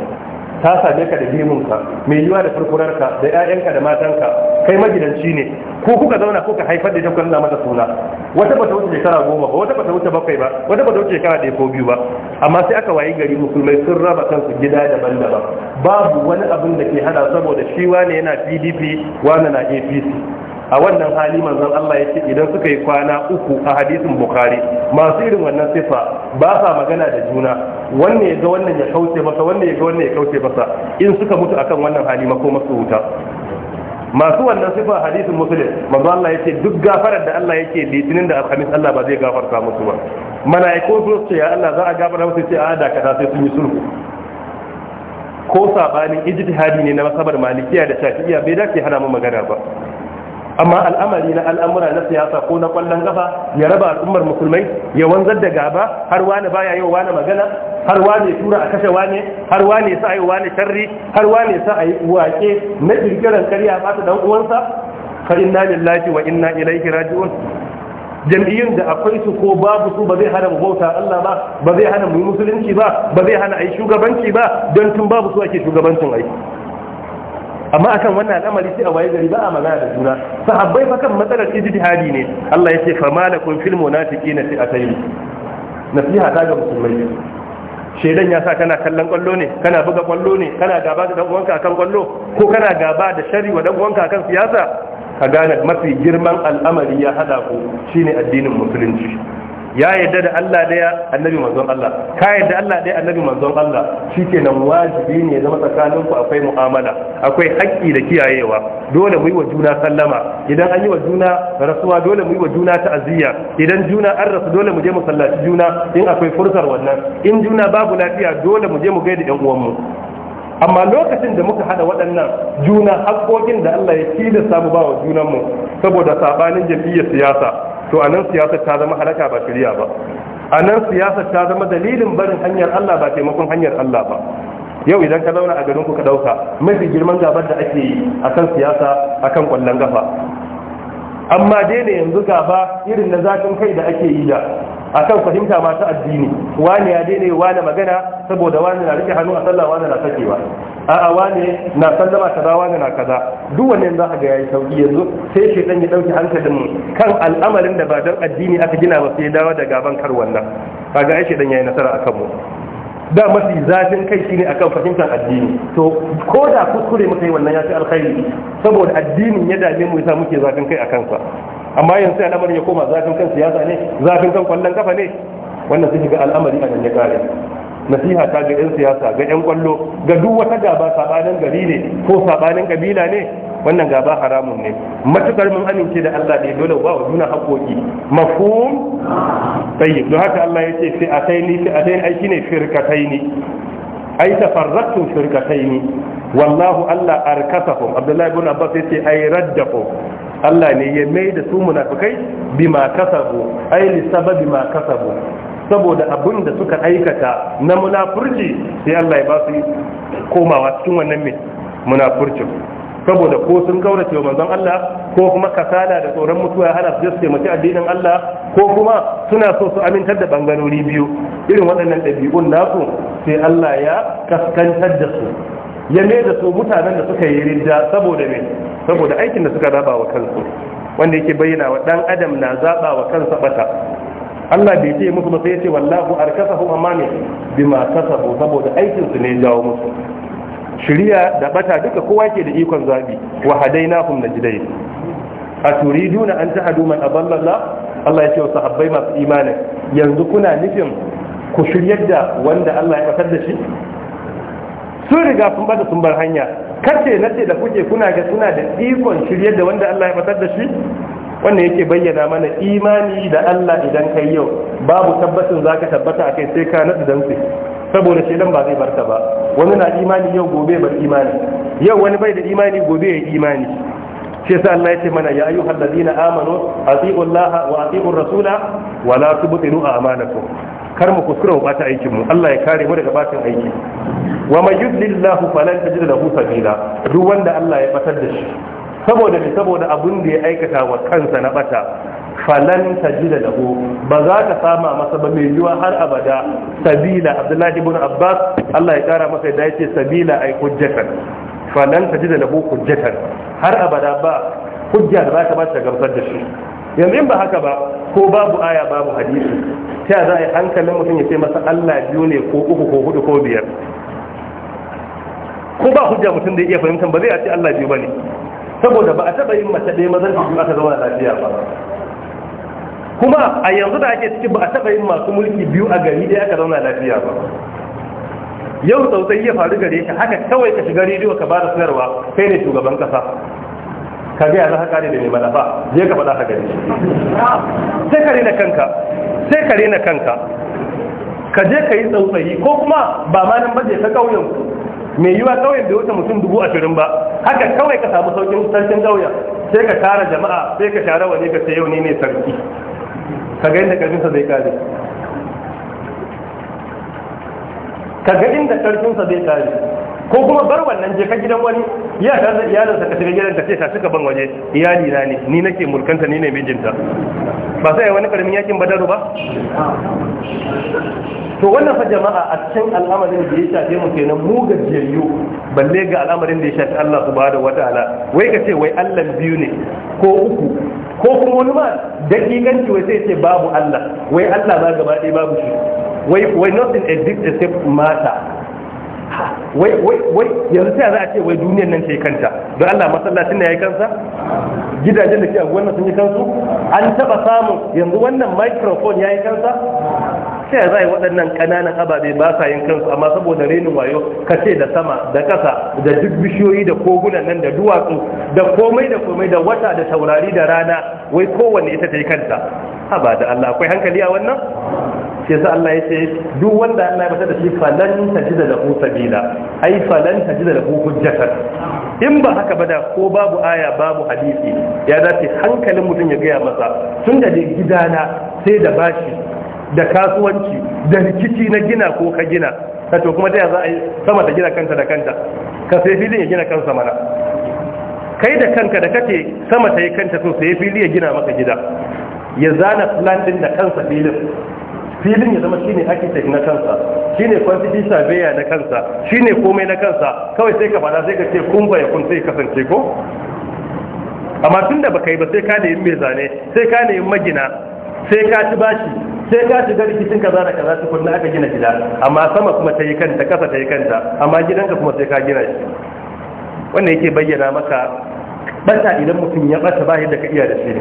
ta same ka da ka mai yiwa da furfurarka da 'ya'yanka da matanka kai magidanci ne ko kuka zauna ko ka haifar da ita mata suna wata bata wuce shekara goma ba wata bata wuce bakwai ba wata bata wuce shekara ɗaya ko biyu ba amma sai aka wayi gari musulmai sun raba kansu gida daban-daban babu wani abin da ke hada saboda shi ne yana pdp wane na apc a wannan hali manzon Allah ya ce idan suka yi kwana uku a hadisin bukhari masu irin wannan sifa ba sa magana da juna wanne ya ga wannan ya kauce masa wanne ya ga wannan ya kauce masa in suka mutu akan wannan hali ko masu huta masu wannan sifa hadisin muslim manzon Allah ce duk gafarar da Allah yake litinin da alhamis Allah ba zai gafarta musu ba mala'iku su ce ya Allah za a gafara musu sai a ah, da kaza sai sun yi sulhu ko sabanin ijtihadi ne na masabar malikiya da shafi'iya bai dace hana mu magana ba amma al'amari na al'amura na siyasa ko na kwallon kafa ya raba al'ummar musulmai ya wanzar da gaba har wani baya yau wani magana har wani tura a kashe wani har wani sa ayi wani sharri har wani sa ayi wake na kirkiran karya ba ta dan uwansa fa inna lillahi wa inna ilaihi raji'un jam'iyyun da akwai su ko babu su ba zai hana mu bauta Allah ba ba zai hana mu musulunci ba ba zai hana ai shugabanci ba don tun babu su ake shugabancin ai amma akan wannan al'amari sai a waye gari ba a magana da juna sahabbai fa kan matsalar ijtihadi ne Allah yace fa malakum fil fi fi'atayn nasiha ta ga musulmai shedan ya sa kana kallon kwallo ne kana buga kwallo ne kana gaba da uwanka akan kwallo ko kana gaba da shari wa dan uwanka akan siyasa ka gane mafi girman al'amari ya hada ku shine addinin musulunci ya yadda da Allah daya annabi manzon Allah ka yadda Allah daya annabi manzon Allah shi ke nan wajibi ne zama tsakanin ku akwai mu'amala akwai haƙƙi da kiyayewa dole mu yi wa juna sallama idan an yi wa juna rasuwa dole mu yi wa juna ta'aziyya idan juna an rasu dole mu je mu sallaci juna in akwai fursar wannan in juna babu lafiya dole mu je mu gaida yan uwanmu amma lokacin da muka hada waɗannan juna haƙoƙin da Allah ya tilasta samu ba wa junanmu saboda sabanin jam'iyyar siyasa to a nan siyasa ta zama halaka ba shirya ba a nan siyasa ta zama dalilin barin hanyar Allah ba taimakon hanyar Allah ba yau idan ka zauna a garin ku ka dauka mafi girman gabar da ake yi akan siyasa akan kwallon gafa amma daina yanzu gaba irin na zafin kai da ake yi da a kan fahimta masu addini wani ya daina wani magana saboda wani na rike hannu a sallah wani na sakewa a'a wani na sallama kaza wani na kaza duk wanne za a ga yayi sauki yanzu sai shi dan ya dauki hankalin mu kan al'amarin da ba dan addini aka gina ba sai dawo da gaban kar wannan kaga ai shi dan yayi nasara akan mu da mafi zafin kai shine akan fahimtar addini to ko da kuskure muka yi wannan ya fi alkhairi saboda addinin ya dame mu yasa muke zafin kai akan sa amma yanzu al'amarin ya koma zafin kan siyasa ne zafin kan kwallon kafa ne wannan sai ga al'amari a nan ya kare nasiha ta ga 'yan siyasa ga 'yan kwallo ga duk wata gaba sabanin gari ne ko sabanin kabila ne wannan gaba haramun ne matukar mun amince da Allah ne dole ba wa juna haƙoƙi mafhum tayyib don haka Allah ce a fi sai a ataini aiki ne firkataini ai firkatai firkataini wallahu Allah arkasahum Abdullahi ibn Abbas yace ai raddahum Allah ne ya mai da su munafikai bima kasabu ai li sababi ma kasabu saboda abin da suka aikata na munafurci sai Allah ya ba su komawa cikin wannan mai munafurcin saboda ko sun kaurace cewa manzon Allah ko kuma kasala da tsoron mutuwa ya hana su je su addinin Allah ko kuma suna so su amintar da bangarori biyu irin waɗannan ɗabi'un nasu sai Allah ya kaskantar da su ya ne da su mutanen da suka yi ridda saboda me saboda aikin da suka zaba wa kansu wanda yake bayyana wa dan adam na zaɓa wa kansa bata Allah bai ce musu ba sai ce wallahu arkasahu amma ne bima kasabu saboda aikin su ne jawo musu Shirya da bata duka kowa ke da ikon zabi wa hadainakum najdai turiduna an tahadu man aballalla Allah ya ce wa sahabbai masu imanin yanzu kuna nufin ku shiryar da wanda Allah ya fatar da shi sun riga sun bada sun bar hanya kace nace da kuke kuna ga suna da ikon shiryar da wanda Allah ya fatar da shi wannan yake bayyana mana imani da Allah idan kai yau babu tabbacin zaka tabbata akai sai ka nadu dan sai saboda shaidan ba zai barka ba wani na imani yau gobe bar imani yau wani bai da imani gobe ya imani sai yasa Allah ya ce mana ya ayyuhal ladina amanu atiiu Allah wa atiiu rasula wa la tubtilu amanakum kar mu kuskura mu bata aikin mu Allah ya kare mu daga batin aiki wa may yudlillahu falan tajid lahu sabila duk wanda Allah ya batar da shi saboda ne saboda abin da ya aikata wa kansa na bata falan tajida lahu ba za ka sama masa ba mai yiwa har abada sabila abdullahi ibn abbas Allah ya kara masa da yace sabila ai hujjatan falan tajida lahu hujjatan har abada ba hujja da za ka ba ta gamsar da shi yanzu in ba haka ba ko babu aya babu hadisi ta za a yi hankalin mutum ya ce masa Allah biyu ne ko uku ko hudu ko biyar ko ba hujja mutum da iya fahimtar ba zai a ce Allah biyu ba ne saboda ba a taɓa yin mace ɗaya mazan cikin aka zauna lafiya ba kuma a yanzu da ake ciki ba a taɓa yin masu mulki biyu a gari ɗaya aka zauna lafiya ba yau tsautsayi ya faru gare ka haka kawai ka shiga rediyo ka bada sanarwa kai ne shugaban kasa ka biya za ka ne da mai malafa je ka faɗa haka sai ka rena kanka sai ka rena kanka ka je ka yi tsautsayi ko kuma ba ma nan baje ka ƙauyen ku mai yiwa kawai bai wuce mutum dubu ashirin ba haka kawai ka samu saukin sarkin gauya sai ka tara jama'a sai ka share wani ka sai yau ne mai sarki ka ga inda karfinsa zai kare ka ga inda karfinsa zai kare ko kuma bar wannan je ka gidan wani ya ta da sa ka shiga gidan ta ce ta suka ban waje iyali na ne ni nake mulkanta ni ne mijinta ba sai wani karamin yakin badaru ba to wannan fa jama'a a cikin al'amarin da ya shafe mu kenan mu gajiyayyu balle ga al'amarin da ya shafe Allah subhanahu wataala wai ka ce wai Allah biyu ne ko uku ko kuma wani ma dakikanci wai sai ce babu Allah wai Allah ba gaba ɗaya babu shi wai wai nothing exists except matter wai yanzu sai za a ce wai duniyar nan ce kanta don Allah masallacin ya yi kansa gidajen da ke abu nan sun yi kansu an taba samun yanzu wannan microphone ya yi kansa sai za a yi waɗannan ƙananan ababe ba sa yin kansu amma saboda renin wayo ka ce da sama da ƙasa da duk bishiyoyi da kogunan nan da duwatsu da komai da komai da wata da taurari da rana wai kowanne ita ta yi kanta ha da Allah akwai hankali a wannan ke sa Allah ya ce duk wanda Allah ya bata da shi falan tajida lahu sabila ai falan tajida lahu hujjatan in ba haka ba da ko babu aya babu hadisi ya dace hankalin mutum ya gaya masa tun da gidana sai da bashi da kasuwanci da rikici na gina ko ka gina ka to kuma ta za a yi sama ta gina kanta da kanta ka sai filin ya gina kansa mana kai da kanka da kake sama ta yi kanta sun sai fili ya gina maka gida ya zana plan din da kansa filin filin ya zama shi ne architect na kansa shi ne kwantiti surveyor na kansa shi ne komai na kansa kawai sai ka fada sai ka ce kun bai kun sai kasance ko amma tun da baka yi ba sai ka ne yin zane sai ka ne magina sai ka ci bashi sai ka gari rikicin kaza da kaza na aka gina gida amma sama kuma ta yi kanta kasa ta yi kanta amma gidanka kuma sai ka gina shi wannan yake bayyana maka bata idan mutum ya bata ba yadda ka iya da shi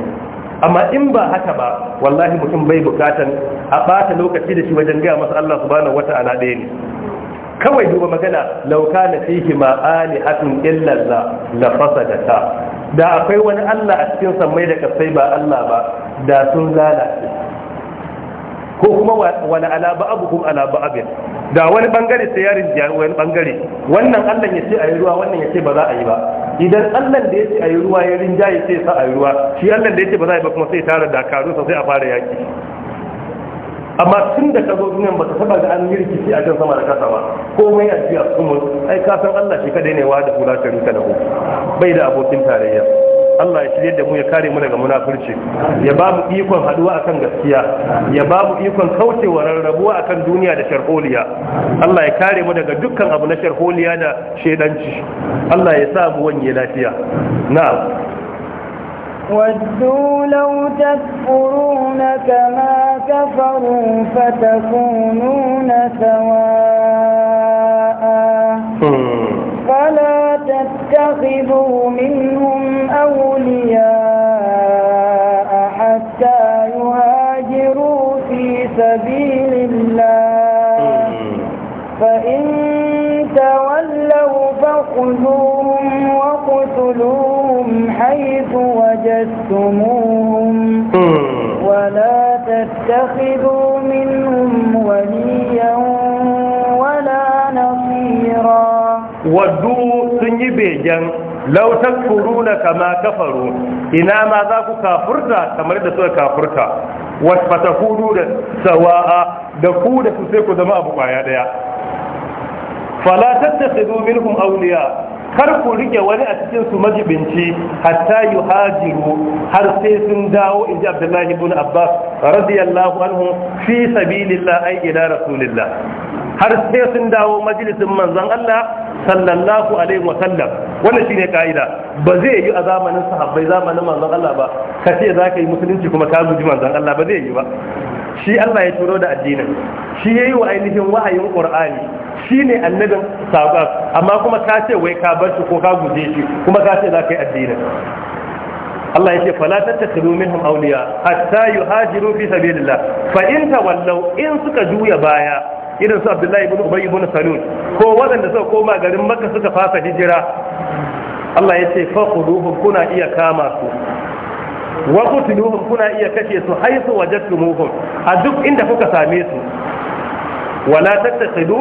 amma in ba haka ba wallahi mutum bai bukatan a bata lokaci da shi wajen gaya masa Allah subhanahu wata'ala ɗaya ne kawai duba magana lauka na fihi ma'ani hatun illalla la fasadata da akwai wani Allah a cikin sammai da kasai ba Allah ba da sun lalace ko kuma wani ala abukum ala abin. ga wani bangare sai yarin da wani bangare wannan Allah ya ce a yi ruwa wannan ya ce ba za a yi ba idan Allah da ya ce a yi ruwa ya rinjaye ya sa a yi ruwa shi Allah da ya ce ba za a yi ba kuma sai tara karu sai a fara yaki amma tun da ka zo duniyan ba ta taba ga an yi rikici a kan sama da kasa ba komai a jiya kuma ai ka san Allah shi kadai ne wa da kula na ku bai da abokin tarayya Allah ya shirye da mu ya kare mu daga munafurci ya ba mu ikon haduwa akan gaskiya ya ba mu ikon kaucewa rarrabuwa akan duniya da sharholiya Allah ya kare mu daga dukkan abu na sharholiya da shedanci Allah ya sa mu wanye lafiya na'am
ودوا لو تكفرون كما كفروا فتكونون سواء فلا تتخذوا منهم سبيل الله فإن تولوا فخذوهم وقتلوهم حيث وجدتموهم ولا تتخذوا منهم وليا ولا نصيرا ودوا
سنجبيجا lau takfuruna kama kafaru ina ma za ku kafurta kamar da suka kafurta watakunu da sawa'a da ku da su sai ku zama abu kwaya daya fala tattakhidhu minhum awliya kar ku rike wani a cikin su majibinci hatta yuhajiru har sai sun dawo inji Abdullahi ibn Abbas radiyallahu anhu fi sabilillah ay ila rasulillah har sai sun dawo majalisin manzon Allah sallallahu alaihi wa sallam wannan shine kaida ba zai yi a zamanin sahabbai zamanin manzon Allah ba ka ce za yi musulunci kuma ka guji manzon Allah ba zai yi ba shi Allah ya turo da addinin shi yayi wa ainihin wahayin Qur'ani shine annabin sabab amma kuma ka ce wai ka bar shi ko ka guje shi kuma ka ce za ka yi addinin Allah ya ce fala tattakhidu minhum awliya hatta yuhajiru fi sabilillah fa in tawallaw in suka juya baya irin su abdullahi ibn ubay ibn salul ko waɗanda suka koma garin makka suka fasa hijira Allah ya ce fa khuduhum kuna iya kama su wa qutluhum kuna iya kashe su haitsu wajadtumuhum a duk inda kuka same su wala tattakhidu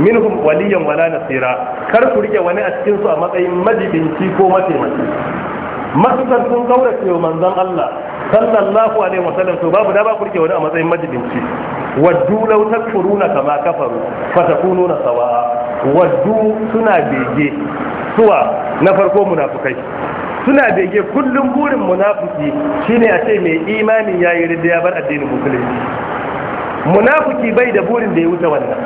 minhum waliyan wala nasira kar ku rike wani a cikin su a matsayin majibinci ko mataimaki matukar sun kaurace wa manzon Allah sallallahu alaihi wasallam to babu da ba ku rike wani a matsayin majibinci waddu law takfuruna kama kafaru na sawa waddu suna bege suwa na farko munafukai suna bege kullum burin munafuki shine a ce mai imani yayi ridda ya bar addinin musulunci munafuki bai da burin da ya wuce wannan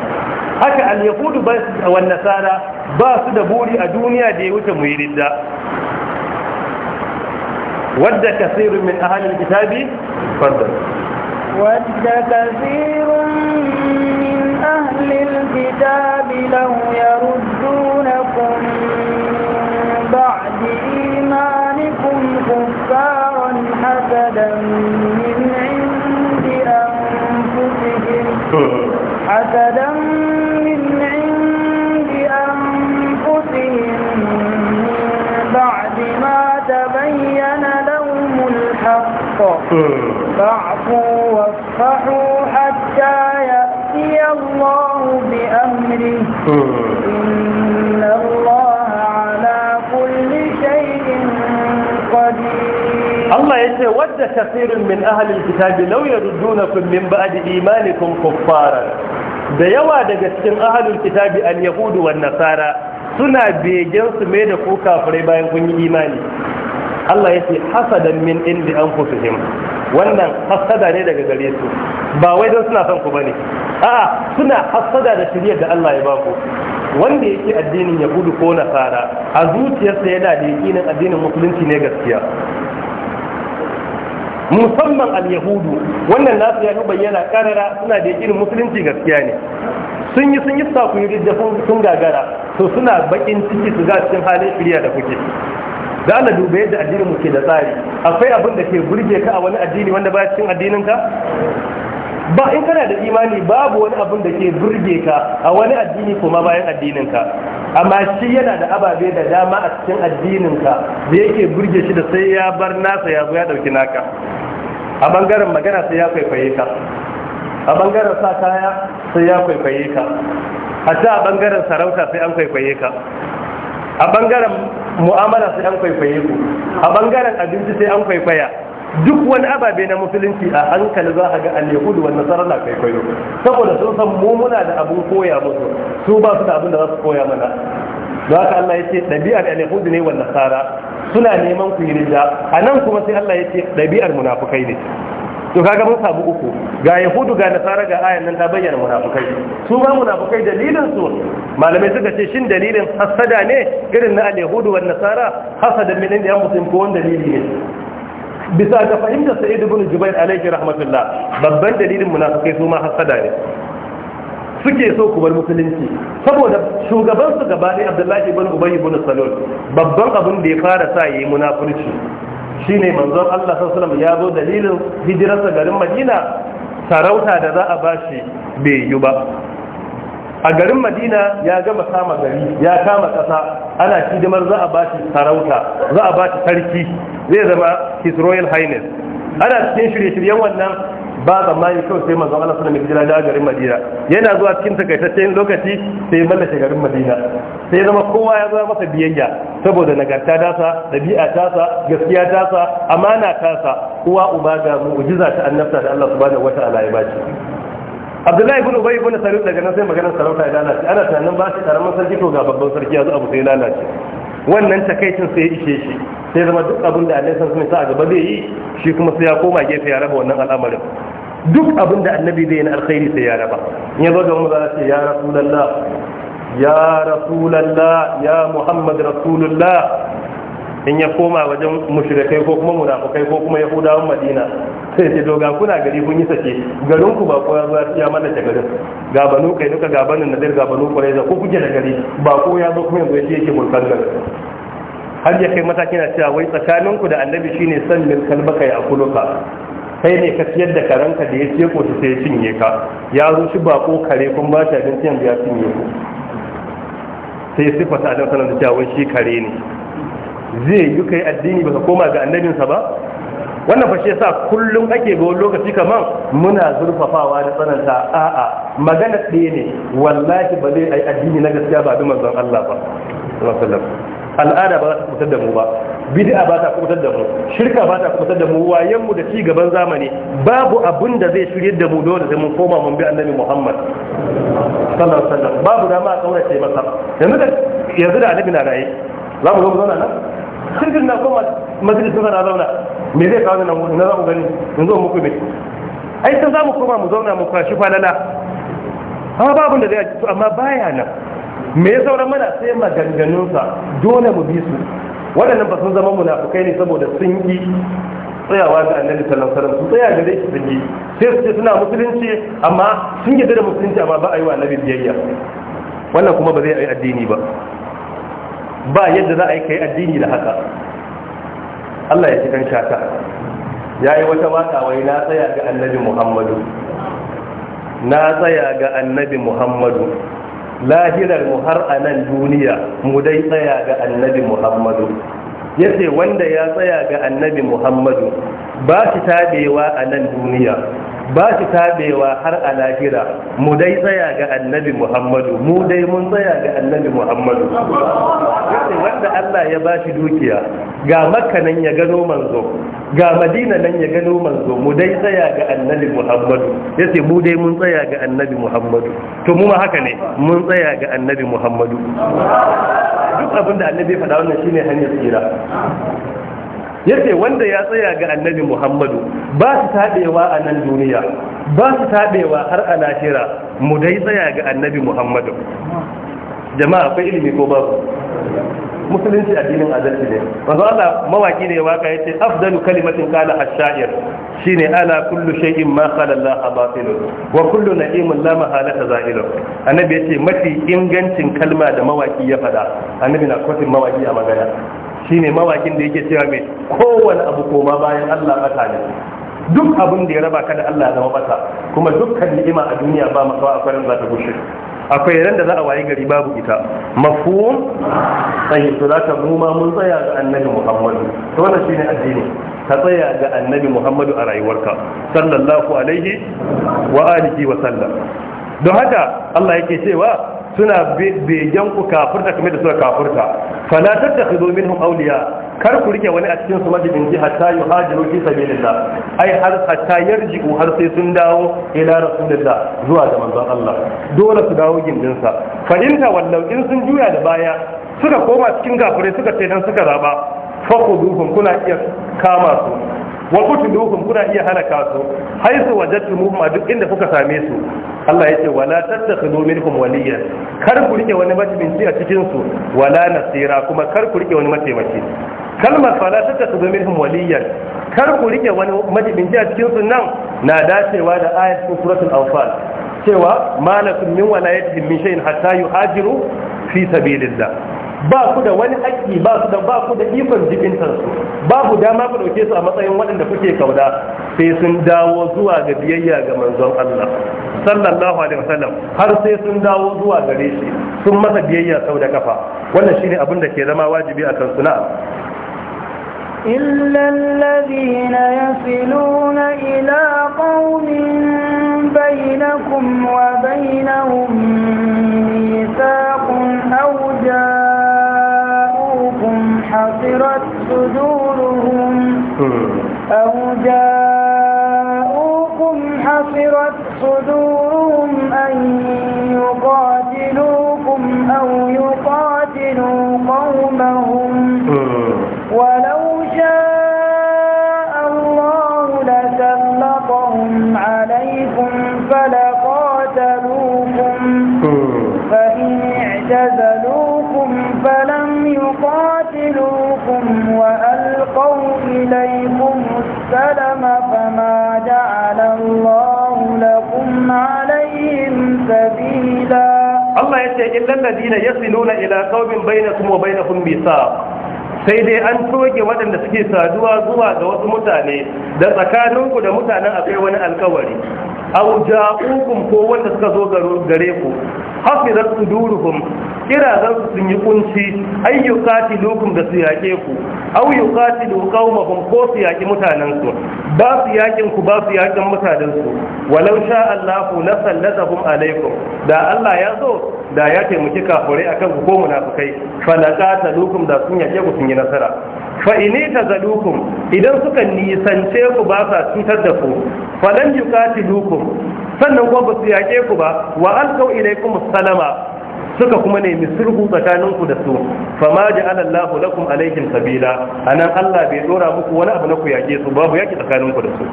haka ba su wa nasara ba su da buri a duniya da ya wuce mu yi ridda wadda kasirun min ahalin kitabi fardar
ود كثير من أهل الكتاب لو يردونكم بعد إيمانكم كفارا حسدا من عند أنفسهم حسدا من عند أنفسهم من بعد ما تبين لهم الحق واصبروا واصفحوا حتى يأتي الله بأمره hmm. إن الله على كل شيء قدير
الله يسي ود كثير من أهل الكتاب لو يردونكم من بعد إيمانكم كفارا da yawa daga cikin ahalul kitabi al-yahudu wan nasara suna begen su mai da ku kafirai bayan kun yi imani Allah ya ce hasadan min inda an wannan hasada ne daga gare su ba wai don suna son ku bane a'a suna hasada da shiriyar da Allah ya baku wanda yake addinin yahudu ko nasara a zuciyarsa yana da yakinin addinin musulunci ne gaskiya musamman al-yahudu wannan nasu ya bayyana karara suna da yakinin musulunci gaskiya ne sun yi sun yi da sun gagara to suna bakin ciki su ga cikin halin shirya da kuke da Allah duba yadda addinin mu ke da tsari akwai abin da ke burge ka a wani addini wanda baya cikin addinin ka ba in kana da imani babu wani abin da ke burge ka a wani addini kuma bayan addinin ka amma shi yana da ababe da dama a cikin addinin ka da yake burge shi da sai ya bar nasa ya zo ya dauki naka a bangaren magana sai ya kwaikwaye ka a bangaren sa kaya sai ya kwaikwaye ka a a bangaren sarauta sai an kwaikwaye ka a bangaren mu'amala sai an kwaikwaye ku a bangaren abinci sai an kwaikwaya duk wani ababe na musulunci a hankali za a ga al-yahudu nasara na kwaikwayo saboda sun san mu muna da abin koya musu su ba su da abin da za su koya mana da haka Allah ya ce ɗabi'ar al ne wa nasara suna neman ku yi rija a nan kuma sai Allah ya ce ɗabi'ar munafukai ne to kaga mun samu uku ga yahudu ga nasara ga ayan nan ta bayyana munafukai su ma munafukai dalilin su malamai suka ce shin dalilin hasada ne irin na al-yahudu wan nasara hasada min inda yamu sun ko dalili ne bisa ga fahimtar sa'id ibn jubair Alayhi rahmatullah babban dalilin munafukai su ma hasada ne suke so ku bar musulunci saboda shugaban su gaba ne abdullahi ibn ubay ibn salul babban abun da ya fara sa yayi munafurci Shi ne manzon Allah sallallahu ya zo dalilin hijirarsa garin Madina sarauta da za a bashi bai yi ba a garin Madina ya gama kama gari ya kama kasa ana hidimar za a bashi sarauta za a bashi sarki zai zama his royal highness ana cikin shirye-shiryen wannan ba zamani kawai sai manzon Allah sallallahu alaihi wasallam garin Madina yana zuwa cikin takaitaccen lokaci sai mallake garin Madina sai zama kowa ya zama masa biyayya saboda nagarta dasa dabi'a tasa gaskiya tasa amana tasa uwa uba ga mu'jiza ta annabta da Allah subhanahu wataala ya baci Abdullahi ibn Ubay ibn Salul daga nan sai maganar sarauta ya lalace ana tunanin ba shi karamin sarki ko ga babban sarki yanzu abu sai lalace wannan takaicin sai ya ishe shi sai zama duk abin da annabi sallallahu sa a gaba zai yi shi kuma sai ya koma gefe ya raba wannan al'amarin duk abin da annabi zai yi na alkhairi sai ya raba in ya zo ga wanda a ce ya rasulullah ya rasulullah ya muhammad rasulullah in ya koma wajen mushrikai ko kuma munafukai ko kuma yahudawan madina sai ce doga kuna gari kun yi sace garin ku ba ko ya zuwa ya ta garin ga banu kai duka ga banu nadir ga banu kuraiza ko kuke da gari ba ko ya zo kuma yanzu ya ce yake mulkan nan har ya kai mataki na cewa wai tsakaninku da annabi shine san min kalbaka ya akuluka kai ne ka tiyar da karanka da ya ce ko sai ya cinye ka ya zo shi ba ko kare kun ba shi abinci yanzu ya cinye ku sai sifata a dan sanar da cewa shi kare ne zai yi kai addini ka koma ga annabinsa ba wannan fa shi yasa kullum ake ga wani lokaci kaman muna zurfafawa da tsananta a'a magana ɗaya ne wallahi ba zai ai addini na gaskiya ba bi manzon Allah ba sallallahu al'ada ba za ta kubutar da mu ba bid'a ba ta kubutar da mu shirka ba ta kubutar da mu wayen mu da ci gaban zamani babu abun da zai shirye da mu dole sai mun koma mun bi annabi Muhammad sallallahu alaihi babu da ma kaurace masa yanzu da yanzu da annabi na raye za mu zo mu zauna nan sirgin na kuma majalisun na zauna me zai kawo nan na za mu gani in zo muku bi ai sun za mu koma mu zauna mu kwashi falala amma babu da zai to amma baya nan me ya sauran mana sai sa dole mu bi su wadannan ba sun zama munafikai ne saboda sun yi tsayawa ga annabi sallallahu alaihi wasallam tsaya da dai sun yi sai su ce suna musulunci amma sun yi da musulunci amma ba a yi wa annabi biyayya wannan kuma ba zai yi addini ba ba yadda za a yi kai addini da haka Allah ya ci kan shata ya yi wata waka wai na tsaya ga annabi muhammadu na tsaya ga annabi muhammadu lahirar mu har a nan duniya mu dai tsaya ga annabi muhammadu ya ce wanda ya tsaya ga annabi muhammadu ba shi tabewa a nan duniya ba shi tabewa har a lahira mu dai tsaya ga annabi muhammadu mu dai mun tsaya ga annabi muhammadu wanda allah ya ba shi dukiya ga makka nan ya gano manzo ga madina nan ya gano manzo mu dai tsaya ga annabi muhammadu ya ce mu dai mun tsaya ga annabi muhammadu to mu ma haka ne mun tsaya ga annabi muhammadu duk abin da annabi faɗa wannan shine hanyar tsira yace wanda ya tsaya ga annabi muhammadu ba su taɓewa a nan duniya ba su taɓewa har a lahira mu dai tsaya ga annabi muhammadu jama'a akwai ilimi ko babu musulunci addinin adalci ne wanzu Allah mawaki ne waka ya ce afdalu kalimatin kala a shair shine ala kullu shay'in ma qala Allah batilun wa kullu na'imin la mahalata za'ilun annabi ya ce mafi ingancin kalma da mawaki ya fada annabi na kwatin mawaki a magana shine mawakin da yake cewa mai kowane abu koma bayan Allah bata ne duk abin da ya raba ka da Allah zama bata kuma dukkan ni'ima a duniya ba makawa akwai ran za ta gushe akwai ran da za a wayi gari babu ita mafhum sai to za ka mu mun tsaya ga annabi Muhammadu to wannan shine addini ka tsaya ga annabi Muhammadu a rayuwarka sallallahu alaihi wa alihi wa sallam don haka Allah yake cewa suna begen ku kafirta kamar da suka kafirta fala tattakhidu minhum awliya kar ku rike wani a cikin su majibin ji hatta yuhajiru fi sabilillah ai har hatta yarji'u har sai sun dawo ila rasulillah zuwa ga manzon Allah dole su dawo gindin sa fa in wallau in sun juya da baya suka koma cikin gafure suka ce dan suka raba fa khuduhum kuna iya kama su wa qutluhum kuna iya halaka su haisu wajadtumuhum a duk inda kuka same su Allah yace wala tattakhidhu minhum waliya kar ku rike wani majibinci a cikin su wala nasira kuma kar ku rike wani mataimaki kalmar fala tattakhidhu minhum waliya kar ku rike wani majibinci a cikin su nan na dacewa da ko suratul anfal cewa malakum min walayatihim min shay'in hatta yuhajiru fi sabilillah ba ku da wani haƙƙi ba su da ba ku da ikon jibintar ba ku dama ku dauke su a matsayin waɗanda kuke kauda sai sun dawo zuwa ga biyayya ga manzon Allah sallallahu alaihi wasallam har sai sun dawo zuwa gare shi sun masa biyayya sau da kafa wannan shine abin da ke zama wajibi a kansu na
إلا الذين يصلون إلى قوم بينكم وبينهم ميثاق أو جاهل أو جاءوكم حفرت صدورهم أن يقاتلوكم أو يقاتلوا قومهم ولو شاء الله لسلطهم عليكم فلقاتلوكم فإن اعتزلوكم فلم يقاتلوكم وألقوا إليكم السلم فما جعل الله لكم عليهم سبيلا
الله يتعي إلا الذين يصلون إلى قوم بينكم وبينهم ميثاق sai dai an toge waɗanda suke saduwa zuwa ga wasu mutane da tsakaninku da mutanen akwai wani alkawari au ja'ukum ko wanda suka zo gare ku hafizat suduruhum Kira su sun yi kunci ai yuqatilukum da su yaƙe ku aw yuqatilu qaumahum ko su yaƙi mutanensu ba su yaƙin ku ba su yaƙin mutanensu walau sha na la sallatahum alaikum da Allah ya zo da ya taimaki kafirai akan ku ko munafikai falaqatalukum da sun yaƙe ku sun yi nasara fa ini tazalukum idan suka nisance ku ba sa cutar da ku falan yuqatilukum sannan kuma ba su yaƙe ku ba wa alkau ilaykum salama suka kuma nemi sulhu tsakaninku da su fama ja'ala Allahu lakum alaihim sabila anan Allah bai dora muku wani abu na ku yake su babu yake tsakaninku da su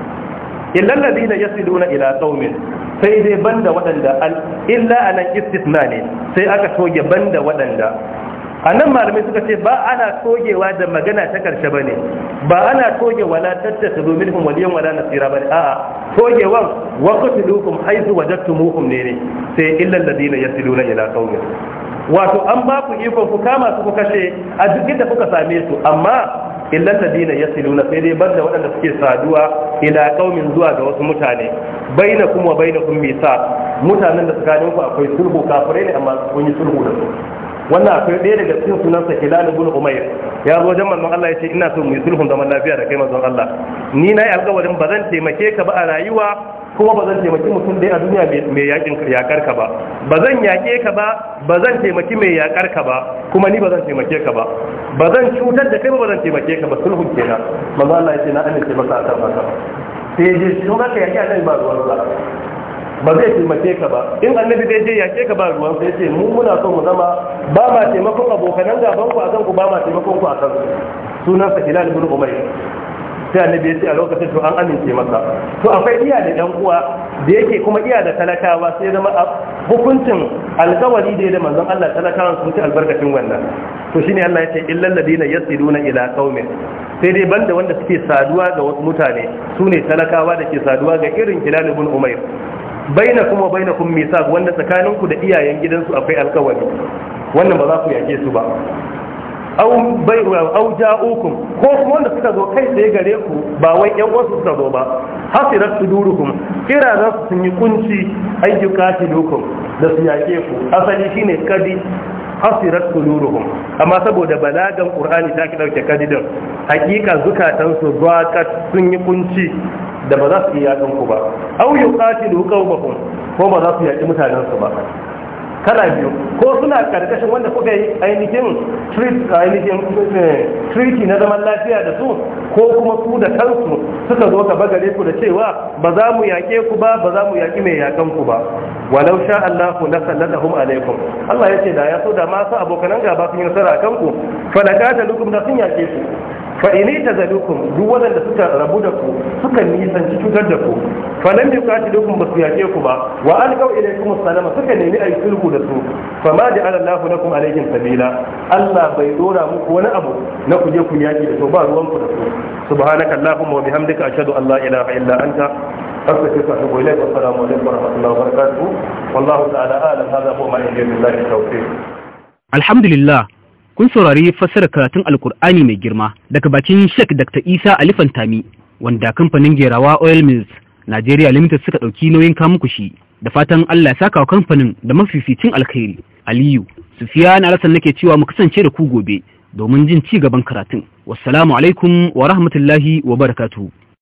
illal ladina yasiluna ila qaumin sai dai banda waɗanda illa anan istisna ne sai aka toge banda waɗanda a nan malamai suka ce ba ana togewa da magana ta karshe ba ne ba ana toge wala tatta su domin hun waliyan wala nasira ba ne a'a togewan wa filukum haizu wajadtumuhum ne ne sai illal ladina yasiluna ila qaumi wato an ba ku ikon ku kama su ku kashe a duk inda kuka same su amma illal ladina yasiluna sai dai banda waɗanda suke saduwa ila qaumin zuwa ga wasu mutane bainakum wa bainakum misa mutanen da tsakanin akwai sulhu kafirai ne amma kun yi sulhu da su wannan akwai ɗaya daga cikin sunansa hilal ibn umayr ya zo wajen manzon Allah ya ce ina so mu yi sulhun zaman lafiya da kai manzon Allah ni na yi alƙawarin ba zan taimake ka ba a rayuwa kuma ba zan taimaki mutum ɗaya a duniya mai yakar ka ba ba zan yaƙe ka ba ba zan taimaki mai yakar ka ba kuma ni ba zan taimake ka ba ba zan cutar da kai ba zan taimake ka ba sulhun kenan manzon Allah ya ce na amince masa a kan haka sai je ka yaƙi a kan ba ruwan sa ba zai taimake ka ba in annabi zai je yake ka ba ruwan sai ce mu muna so mu zama ba ma taimakon abokanan gaban ku akan ku ba ma taimakon ku akan sunan sa hilal ibn umayr sai annabi ya ce a lokacin to an amince masa to akwai iya da yan uwa da yake kuma iya da talakawa sai zama hukuncin alkawari da ya da manzon Allah talakawa sun ci albarkacin wannan to shine Allah ya ce illal ladina yasiduna ila qaumin sai dai banda wanda suke saduwa ga wasu mutane su ne talakawa da ke saduwa ga irin Hilal ibn Umayr baina kuma baina kun misaq wanda tsakaninku da iyayen gidansu akwai alkawari wannan ba za ku yake su ba au bai au ja'ukum ko kuma wanda suka zo kai tsaye gare ku ba wai 'yan wasu suka zo ba hasirat sudurukum kira za su sun yi kunci ayyuka tilukum da su yake ku asali shine kadi hasirat sudurukum amma saboda balagan ƙur'ani ta ki dauke kadidan hakika zukatansu zuwa sun yi kunci da ba za su iya yakan ku ba da yuqatilu qawmahum ko ba za su yaƙi mutanensu ba kala biyu ko suna karkashin wanda kuka yi ainihin eh, treaty na zaman lafiya da su ko kuma su da kansu suka zo ka bagare ku da cewa ba za mu yaƙe ku ba ba za mu yaki mai yakan ku ba walau sha na sallata hum alaikum Allah ya ce da ya so da ma abokanan gaba sun yi nasara a kanku? fa da ta lukum da sun yaƙe su fa ilai ta zalukum duk waɗanda suka rabu da ku suka nisanci cutar da ku fa lam yuqatilukum ba su yaƙe ku ba wa an alqaw kuma salama suka nemi ayi sulhu da su fa ma ja'ala Allahu lakum alaihim sabila Allah bai dora muku wani abu na ku je ku yaƙi da su ba ruwan ku da su subhanaka allahumma wa bihamdika ashhadu an la ilaha illa anta أستغفرك وأتوب إليك والسلام عليكم ورحمة الله وبركاته والله تعالى أعلم هذا هو ما يجب بالله التوفيق الحمد لله kun saurari fassarar karatun alkur'ani mai girma daga bakin shek dr isa alifan tami wanda kamfanin gerawa oil mills nigeria limited suka ɗauki nauyin kamuku shi da fatan allah ya saka wa kamfanin da mafificin alkhairi aliyu sufiya na alasan nake cewa mu kasance da ku gobe domin jin ci gaban karatun wassalamu alaikum wa rahmatullahi wa barakatuhu